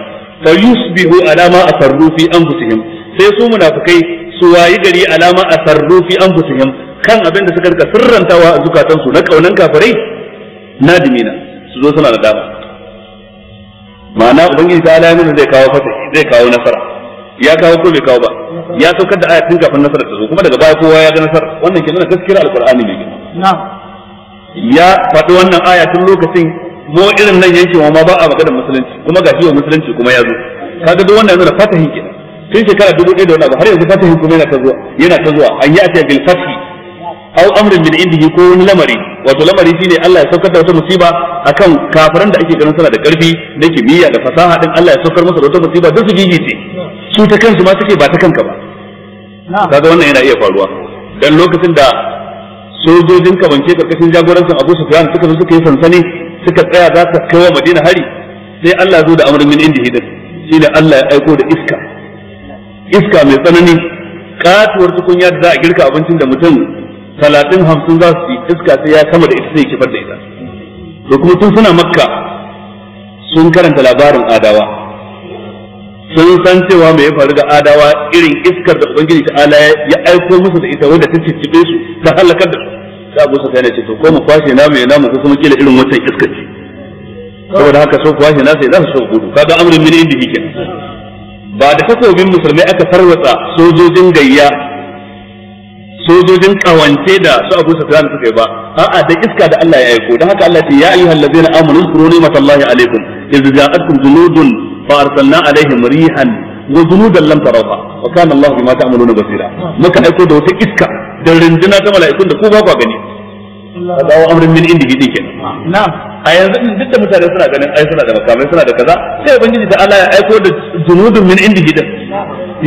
fa yusbihu alama asarru fi anfusihim sai su munafikai su wayi gari alama asarru fi anfusihim kan abin da suka rika sirrantawa a zukatansu na kaunan kafirai nadimina su zo suna da dama ma'ana ubangiji ta alamin zai kawo fata zai kawo nasara ya kawo ko bai kawo ba ya saukar da ayatin kafin nasarar ta zo kuma daga baya kowa ya ga nasar wannan ke nuna gaskiyar alqur'ani ne ya faɗi wannan ayatun lokacin mu irin nan yankin ma ba a maganar musulunci kuma ga wa musulunci kuma ya zo kaga duk wannan yana fatahin kenan tun shekara dubu ɗaya da wani abu har yanzu fatahin kuma yana ta zuwa yana ta zuwa an yi a bil fathi aw amrin min indihi ko wani lamari wato lamari shine Allah ya saukar da wata musiba akan kafiran da ake ganin suna da karfi da kimiyya da fasaha din Allah ya saukar masa da wata musiba duk su gigice su ta kansu ma suke ba ta kanka ba kaga wannan yana iya faruwa dan lokacin da sojojin kabance karkashin jagorancin Abu Sufyan suka zo suka yi sansani suka tsaya za su kai wa Madina hari sai Allah zo da amrin min indihi shi shine Allah ya aiko da iska iska mai tsanani katuwar tukunya da za a girka abincin da mutum talatin hamsin za su yi iska sai ya sama da ita sai kifar da ita to kuma tun suna makka sun karanta labarin adawa sun san cewa me ya faru ga adawa irin iskar da ubangiji ta ala ya aiko musu da ita wanda ta ciccibe su ta halakar da su sai abu sa ne ce to ko mu kwashe na mai namu ko kuma kila irin wancan iskar ce saboda haka so kwashe na sai za su so gudu kaga amrin min indi yake ba da takobin musulmai aka farwatsa sojojin gayya sojojin kawance da su abu sa suka yi ba a'a da iska da Allah ya aiko dan haka Allah ya ce ya ayyuhallazina amanu zkuru matallahi alaikum idza ja'atkum junudun fa arsalna alaihim rihan wa junudan lam tarawha wa kana Allah bima ta'maluna basira muka aiko da wata iska da rinjina ta mala'ikun ku ba ku gani dawo amrin min indi hidi kenan na'am a yanzu din duk da mutane suna ganin ai suna da makamai suna da kaza sai ubangiji da Allah ya aiko da junudun min indi hidi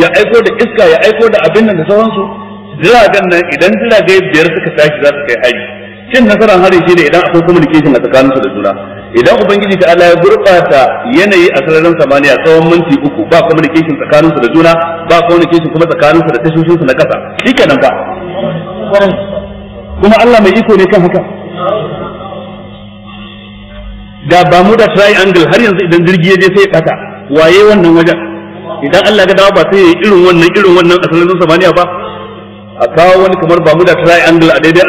ya aiko da iska ya aiko da abin nan da sauransu jiragen nan idan jirage biyar suka tashi za su kai hari cin nasarar hari shi ne idan akwai communication a tsakaninsu da juna idan ubangiji ta Allah ya gurbata yanayi a sararin samaniya tsawon minti uku ba communication tsakanin su da juna ba communication kuma tsakanin su da tashoshin su na kasa shikenan ba kuma Allah mai iko ne kan haka da ba mu da triangle har yanzu idan jirgi ya je sai ya kata waye wannan wajen idan Allah ga dawa ba sai ya irin wannan irin wannan a samaniya ba a kawo wani kamar ba mu da triangle a daidai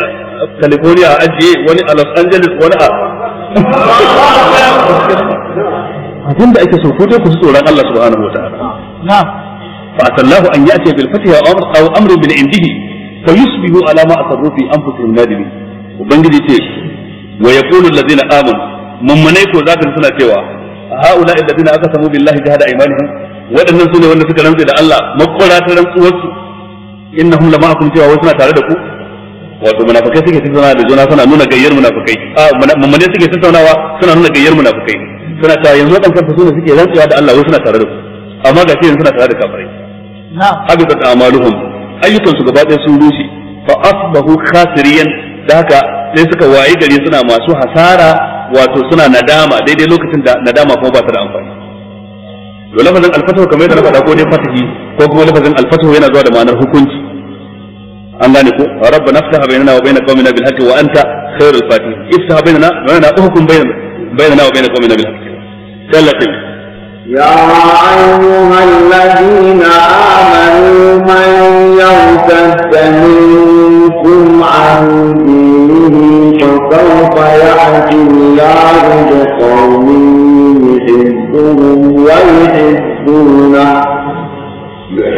California a ajiye wani a Los Angeles wani a abinda ake so ko dai ku tsoron Allah subhanahu wataala na'am fa atallahu an ya'ti bil fathi aw amru min indihi fa yusbihu ala ma asarru fi anfusihim nadimin ubangiji ce wa yaqulu alladhina amanu mummunai ko zaka suna cewa haula alladhina aqsamu billahi jahada aymanihim wadannan sune wanda suka rantsa da Allah makwara ta rantsuwar su innahum lama'akum cewa wasu na tare da ku wato munafikai suke zauna da juna suna nuna gayyar munafikai a mummune suke zaunawa suna nuna gayyar munafikai suna ta yanzu kan kanta suna suke rantsuwa da Allah wai suna tare da su amma ga yanzu suna tare da kafirai habitat amaluhum ayyukan su gaba ɗaya sun rushe fa asbahu khasiriyan da haka sai suka waye gari suna masu hasara wato suna nadama daidai lokacin da nadama kuma ba ta da amfani to lafazin alfatu kamar yadda na faɗa ko dai fatihi ko kuma lafazin alfatu yana zuwa da ma'anar hukunci an gane ko rabbana aftaha bainana wa bain qaumina bil haqqi wa anta khairul fatihin iftaha bainana wa bainana uhkum bainana bainana wa bain qaumina bil haqqi sallatin يا أيها الذين آمنوا من يرتد منكم عن دينه فسوف يأتي الله بقوم يحبهم ويحبونه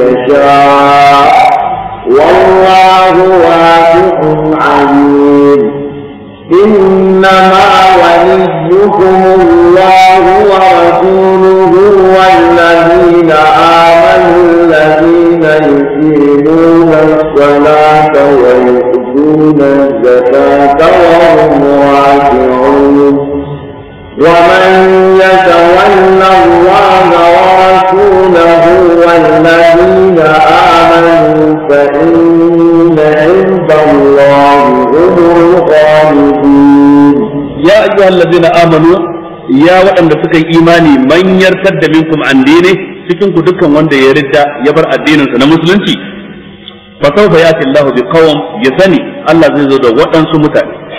يشاء والله واسع عليم إنما وليكم الله ورسوله والذين آمنوا الذين يقيمون الصلاة ويؤتون الزكاة وهم راجعون ومن يتولى الله ورسوله والذين آمنوا فإن عند الله هم الغالبين يا أيها الذين آمنوا يا وأن إيماني من يرتد منكم عن دينه cikinku dukkan wanda ya ridda ya bar addininsa na musulunci fa sawfa yati Allahu biqawm ya sani Allah zai zo da waɗansu mutane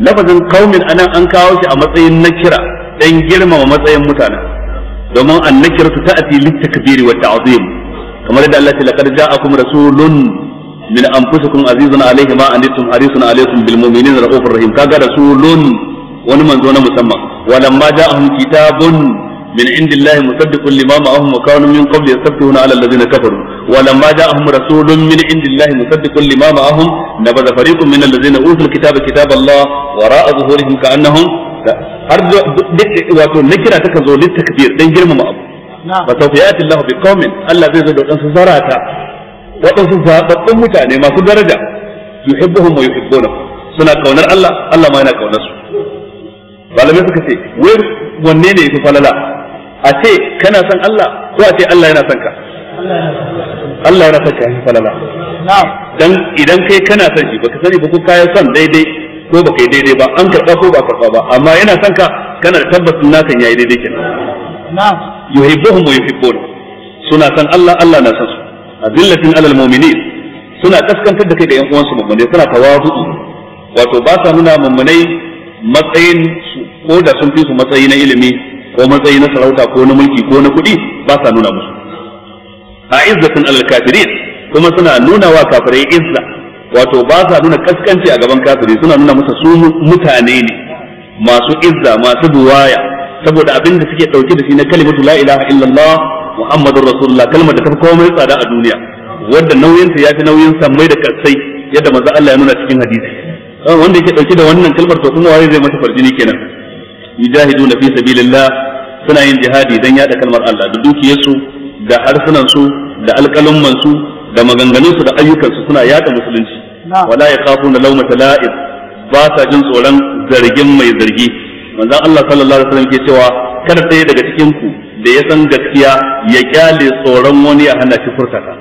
lafazin kaumin anan an kawo shi a matsayin nakira dan girmama matsayin mutanen domin annakiratu ta'ati a wa ta'zim kamar da Allah ya laqad ja'akum rasulun min anfusikum azizun alayhi ma antum harisun alaykum bil mu'minina rahim kaga rasulun wani manzo na musamman walamma ja'ahum kitabun min indillahi musaddiqun lima ma'ahum wa kanu min qabli yastafihuna 'ala alladhina kafaru wa lamma ja'ahum rasulun min indillahi musaddiqun lima ma'ahum nabadha fariqun min alladhina utul kitaba kitaballahi wara'a zuhurihim ka'annahum har wato nakira ta zo littakbir dan girmama abu ba sawfa ya'ti Allahu biqaumin Allah zai zo da wadansu zarata wadansu zababbun mutane masu daraja yuhibbuhum wa yuhibbunahum suna kaunar Allah Allah ma yana kaunar su malamai suka ce wai wanne ne yafi falala a ce kana son Allah ko a ce Allah yana son ka Allah yana son ka ne falala dan idan kai kana son shi baka sani ba ko kai son daidai ko baka yi daidai ba an karba ko ba karba ba amma yana son ka kana da tabbacin nakan yayi daidai kenan na'am yuhibbuhum wa yuhibbun suna son Allah Allah na san su azillatin alal mu'minin suna kaskantar da kai da yan uwansu mummune suna tawadu wato ba sa nuna mummunai matsayin su ko da sun fi su matsayi na ilimi ko matsayi na sarauta ko na mulki ko na kuɗi ba sa nuna musu a izzatin alal kafirin kuma suna nuna wa kafirai izza wato ba sa nuna kaskanci a gaban kafiri suna nuna musu su mutane ne masu izza masu duwaya saboda abin da suke dauke da shi na kalimatu la ilaha illallah muhammadur rasulullah kalmar da ta komai tsada a duniya wanda nauyin ya fi nauyin sammai da kasai yadda manzo Allah ya nuna cikin hadisi wanda yake dauke da wannan kalmar to kuma waye zai mata farjini kenan yujahiduna fi sabilillah suna yin jihadi dan yada kalmar Allah da dukiyarsu da harsunan su da alƙalumman da maganganun da ayyukan su suna yada musulunci wala ya na lawmata la'ib ba sa jin tsoron zargin mai zargi manzon Allah sallallahu alaihi wasallam ke cewa kada ɗaya daga cikin ku da ya san gaskiya ya kyale tsoron wani ya hana shi furtata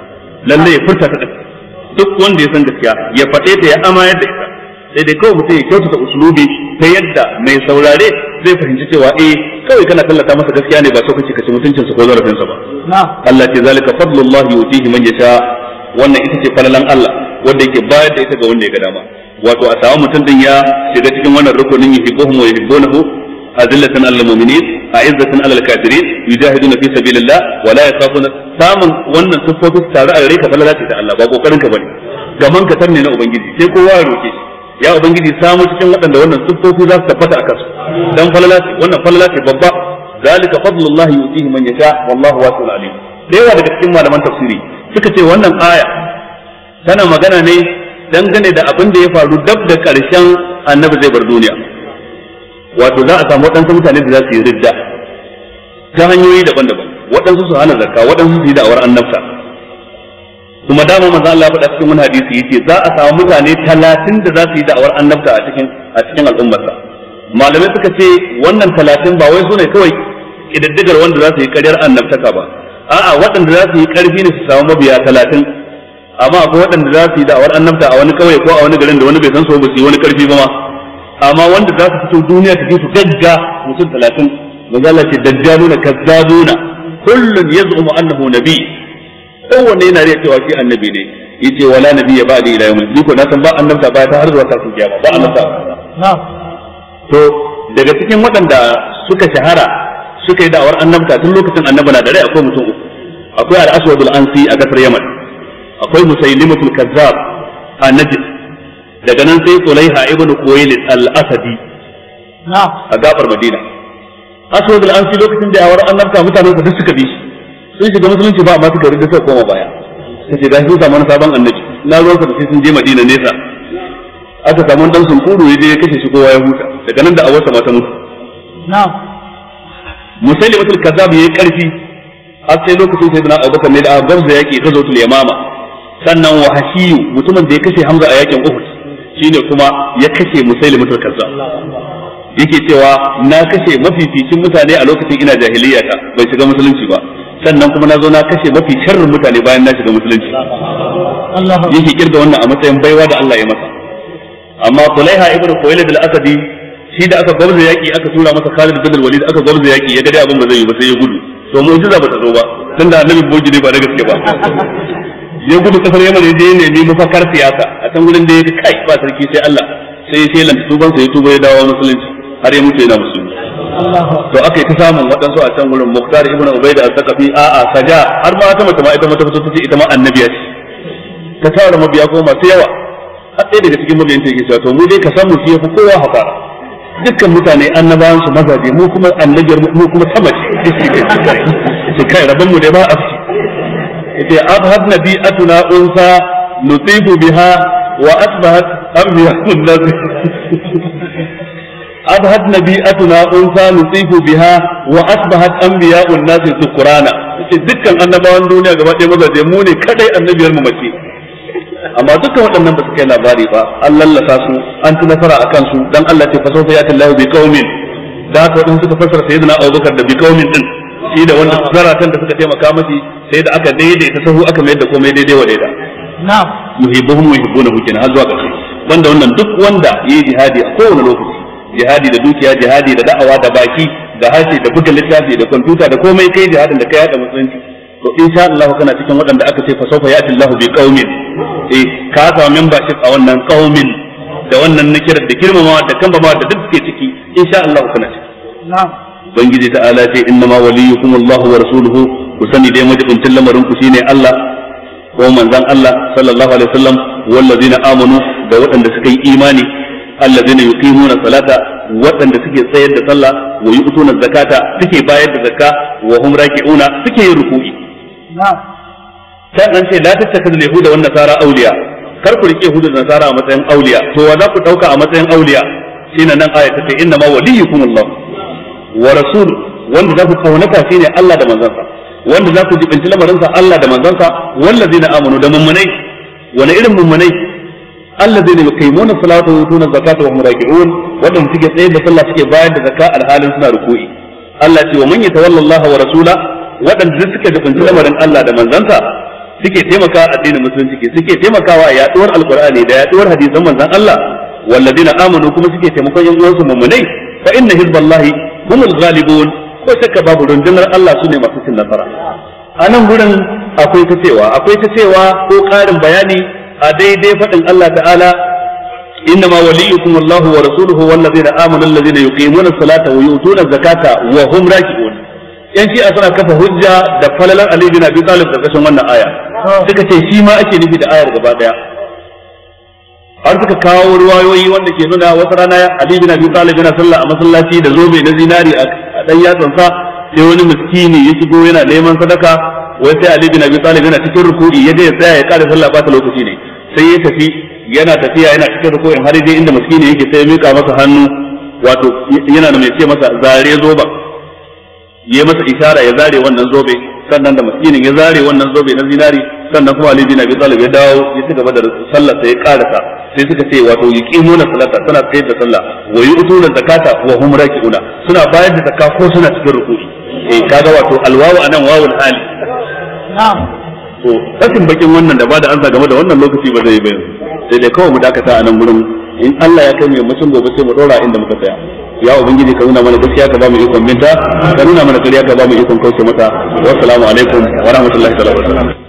lalle ya duk wanda ya san gaskiya ya faɗe ta ya amayar da ita sai dai kawai mutum ya kyautata uslubi ta yadda mai saurare zai fahimci cewa eh kawai kana tallata masa gaskiya ne ba so kace kace mutuncin sa ko zarafin sa ba Allah ce zalika fadlullahi yutihi man yasha wannan ita ce falalan Allah wanda yake bayar da ita ga wanda ya ga dama wato a samu mutum din ya shiga cikin wannan rukunin yuhibbuhum wa yuhibbunahu azillatan alal mu'minin a'izzatan alal kafirin yujahiduna fi sabilillah wa la yakhafuna samun wannan sufofi tare a gare ka falala ce Allah ba kokarin ka bane gaman ka tarne na ubangiji sai kowa ya roke shi ya ubangiji samu cikin waɗanda wannan siffofi za su tabbata a kansu dan falala wannan falala ce babba zalika fadlullah yutihi man yasha wallahu wasi'un alim da yawa daga cikin malaman tafsiri suka ce wannan aya tana magana ne dangane da abin da ya faru dab da karshen annabi zai bar duniya wato za a samu waɗansu mutane da za su yi ridda ta hanyoyi daban-daban waɗansu su hana zakka waɗansu su yi da'awar annabta kuma dama manzo Allah faɗa cikin wani hadisi yace za a samu mutane 30 da za su yi da'awar annabta a cikin a cikin al'ummarsa malamai suka ce wannan 30 ba wai sune kawai kididdigar wanda za su yi ƙaryar annabtaka ba a'a waɗanda za su yi ƙarfi ne su samu mabiya 30 amma akwai waɗanda za su yi da'awar annabta a wani kawai ko a wani garin da wani bai san so ba su yi wani ƙarfi ba ma amma wanda za su fito duniya ta su gagga mutum 30 manzo Allah ce dajjaluna kazzabuna kullun yaz'umu annahu nabiy kowanne yana riya cewa shi annabi ne yace wala nabi ya ba'da ila yawmin ni ko na san ba annabta ba ta har zuwa ta kiyama ba annabta to daga cikin waɗanda suka shahara suka yi da'awar annabta tun lokacin annabi na da akwai mutum uku akwai al-aswad al-ansi a kasar yaman akwai musaylimatul kazzab a najd daga nan sai sulaiha ibn kuwail al-asadi a gabar madina aswad al-ansi lokacin da yawar annabta mutanen duk suka bi shi sun shiga musulunci ba amma gari da suka koma baya ta ce gashi sun samu wani sabon annabi na zo sa sai sun je madina nesa aka samu dan sun kuro ya je ya kashe shi kowa ya huta daga nan da awarsa ma ta mutu na'am musaili mutul kazzab yayi karfi har sai lokacin sai na abubakar ne da abubakar da yake gazotul yamama sannan wa hashiyu mutumin da ya kashe hamza a yakin uhud shine kuma ya kashe musaili mutul kazzab yake cewa na kashe mafificin mutane a lokacin ina jahiliya ta bai shiga musulunci ba sannan kuma na zo na kashe mafi sharrin mutane bayan na shiga musulunci yake kirga wannan a matsayin baiwa da Allah ya masa amma Kulaiha ibn Khuwailid al-Asadi shi da aka gwamza yaki aka tura masa Khalid bin Walid aka gwamza yaki ya ga dai abin ba zai yi ba sai ya gudu to mu'jiza ba ta zo ba tunda annabi boji ne ba da gaske ba ya gudu kasar Yaman ya je ne ne mafakar siyasa a can gurin da ya kai ba sarki sai Allah sai ya shelanta tuban sai ya tuba ya dawo musulunci har ya mutu yana musulunci to aka yi ta samun waɗansu a can wurin muktar ibn ubaida al-saqafi a a saja har ma ta mace ma ita ma ta fito ita ma annabiya ce ta tara mabiya ko masu yawa har ɗaya daga cikin mabiyan take cewa to mu dai ka san mu fiye yafi kowa haka dukkan mutane annabawan su mazaje mu kuma annabiyar mu kuma ta mace su kai rabon mu dai ba a fi ita abhad nabi atuna unsa nutibu biha wa asbahat nabi أبهت نبيئتنا أنثى نصيب بها وأصبحت أنبياء الناس سكرانا dukkan annabawan duniya gaba ɗaya mazaje mu ne kadai annabiyar mu mace amma dukkan waɗannan ba su kai labari ba an lallasa su an ci nasara akan su, dan Allah ce ya kallahu bi da haka waɗansu suka fassara sayyidina Abubakar da shi da wanda da suka taimaka masa sai da aka daidaita sahu aka mayar da komai daidai wa daida na'am yuhibbuhum yuhibbunahu kenan har zuwa ƙarshe banda wannan duk wanda yayi jihadi a kowane lokaci jihadi da dukiya jihadi da da'awa da baki da hashe da buga littafi da kwamfuta da komai kai jihadin da kai yada musulunci to insha Allah kana cikin waɗanda aka ce fa sawfa ya'ti Allah bi qaumin eh ka samu membership a wannan qaumin da wannan nakirar da girmamawa da kambamawa da duk suke ciki insha Allah kana ciki na'am ubangiji ta ala ce inna ma waliyukum Allah wa rasuluhu ku sani dai majibin lamarin ku shine Allah ko manzon Allah sallallahu alaihi wasallam wallazina amanu da waɗanda suka yi imani allazina yuqimuna salata waɗanda suke tsayar da sallah wa yu'tuna zakata suke bayar da zakka wa hum raki'una suke yin ruku'i sannan sai la tattakadu yahuda wannan nasara awliya kar ku rike yahuda da nasara a matsayin awliya to wa za ku dauka a matsayin awliya shine nan aya tace inna ma waliyukum allah wa rasul wanda za ku kaunata shine Allah da sa, wanda za ku jibinci sa Allah da manzansa wallazina amanu da mummunai wani irin mummunai Allah yuqimuna salata wa yutuna zakata wa hum raki'un wadanda suke tsaye da sallah suke bayar da zakka alhalin suna ruku'i Allah ce wa man yatawalla Allah wa rasula wadanda duk suka dukunci Allah da manzansa suke taimaka addinin musulunci ke suke taimakawa a yaduwar alqur'ani da yaduwar hadisan manzon Allah walladheena amanu kuma suke taimakon yan uwansu mu'minai fa inna hizballahi humul ghalibun babu rundunar Allah sune masu cin nasara a nan gurin akwai ta cewa ko ƙarin bayani a daidai faɗin Allah ta'ala ma Allahu, wa إنما وليكم الله ورسوله والذين آمنوا salata, يقيمون الصلاة zakata, wa hum راجعون yan shi suna kafa hujja da falalan Ali bin Abi Talib da kashin wannan aya suka ce shi ma ake nufi da ayar gaba daya har suka kawo ruwayoyi wanda ke nuna wata rana Ali bin Abi Talib yana sallah a masallaci da zobe na zinari a dan yatsan sa sai wani miskini ya shigo yana neman sadaka wai sai Ali bin Abi Talib yana cikin ruku'i ya ya tsaya ya kare sallah ba ta lokaci ne sai ya tafi yana tafiya yana cikin ruku'in har dai inda miskini yake sai ya mika masa hannu wato yana da mai ce masa zare zoba ya masa isara ya zare wannan zobe sannan da miskinin ya zare wannan zobe na zinari sannan kuma Ali bin Abi Talib ya dawo ya ci gaba da sallar sai ya karasa sai suka ce wato yuqimuna salata suna tsayar da sallah wa yu'tuna zakata wa hum raki'una suna bayar da zakka ko suna cikin ruku'i eh kaga wato alwawu anan wawul hali na'am to rashin bakin wannan da ba da arza game da wannan lokaci ba zai bayan sai dai kawai mu dakata a nan gurin in Allah ya kai mu mutum gobe sai mu dora inda muka tsaya ya ubangiji ka nuna mana gaskiya ka ba mu ikon binta ka nuna mana kariya ka ba mu ikon kauce mata wassalamu alaikum wa rahmatullahi wa barakatuh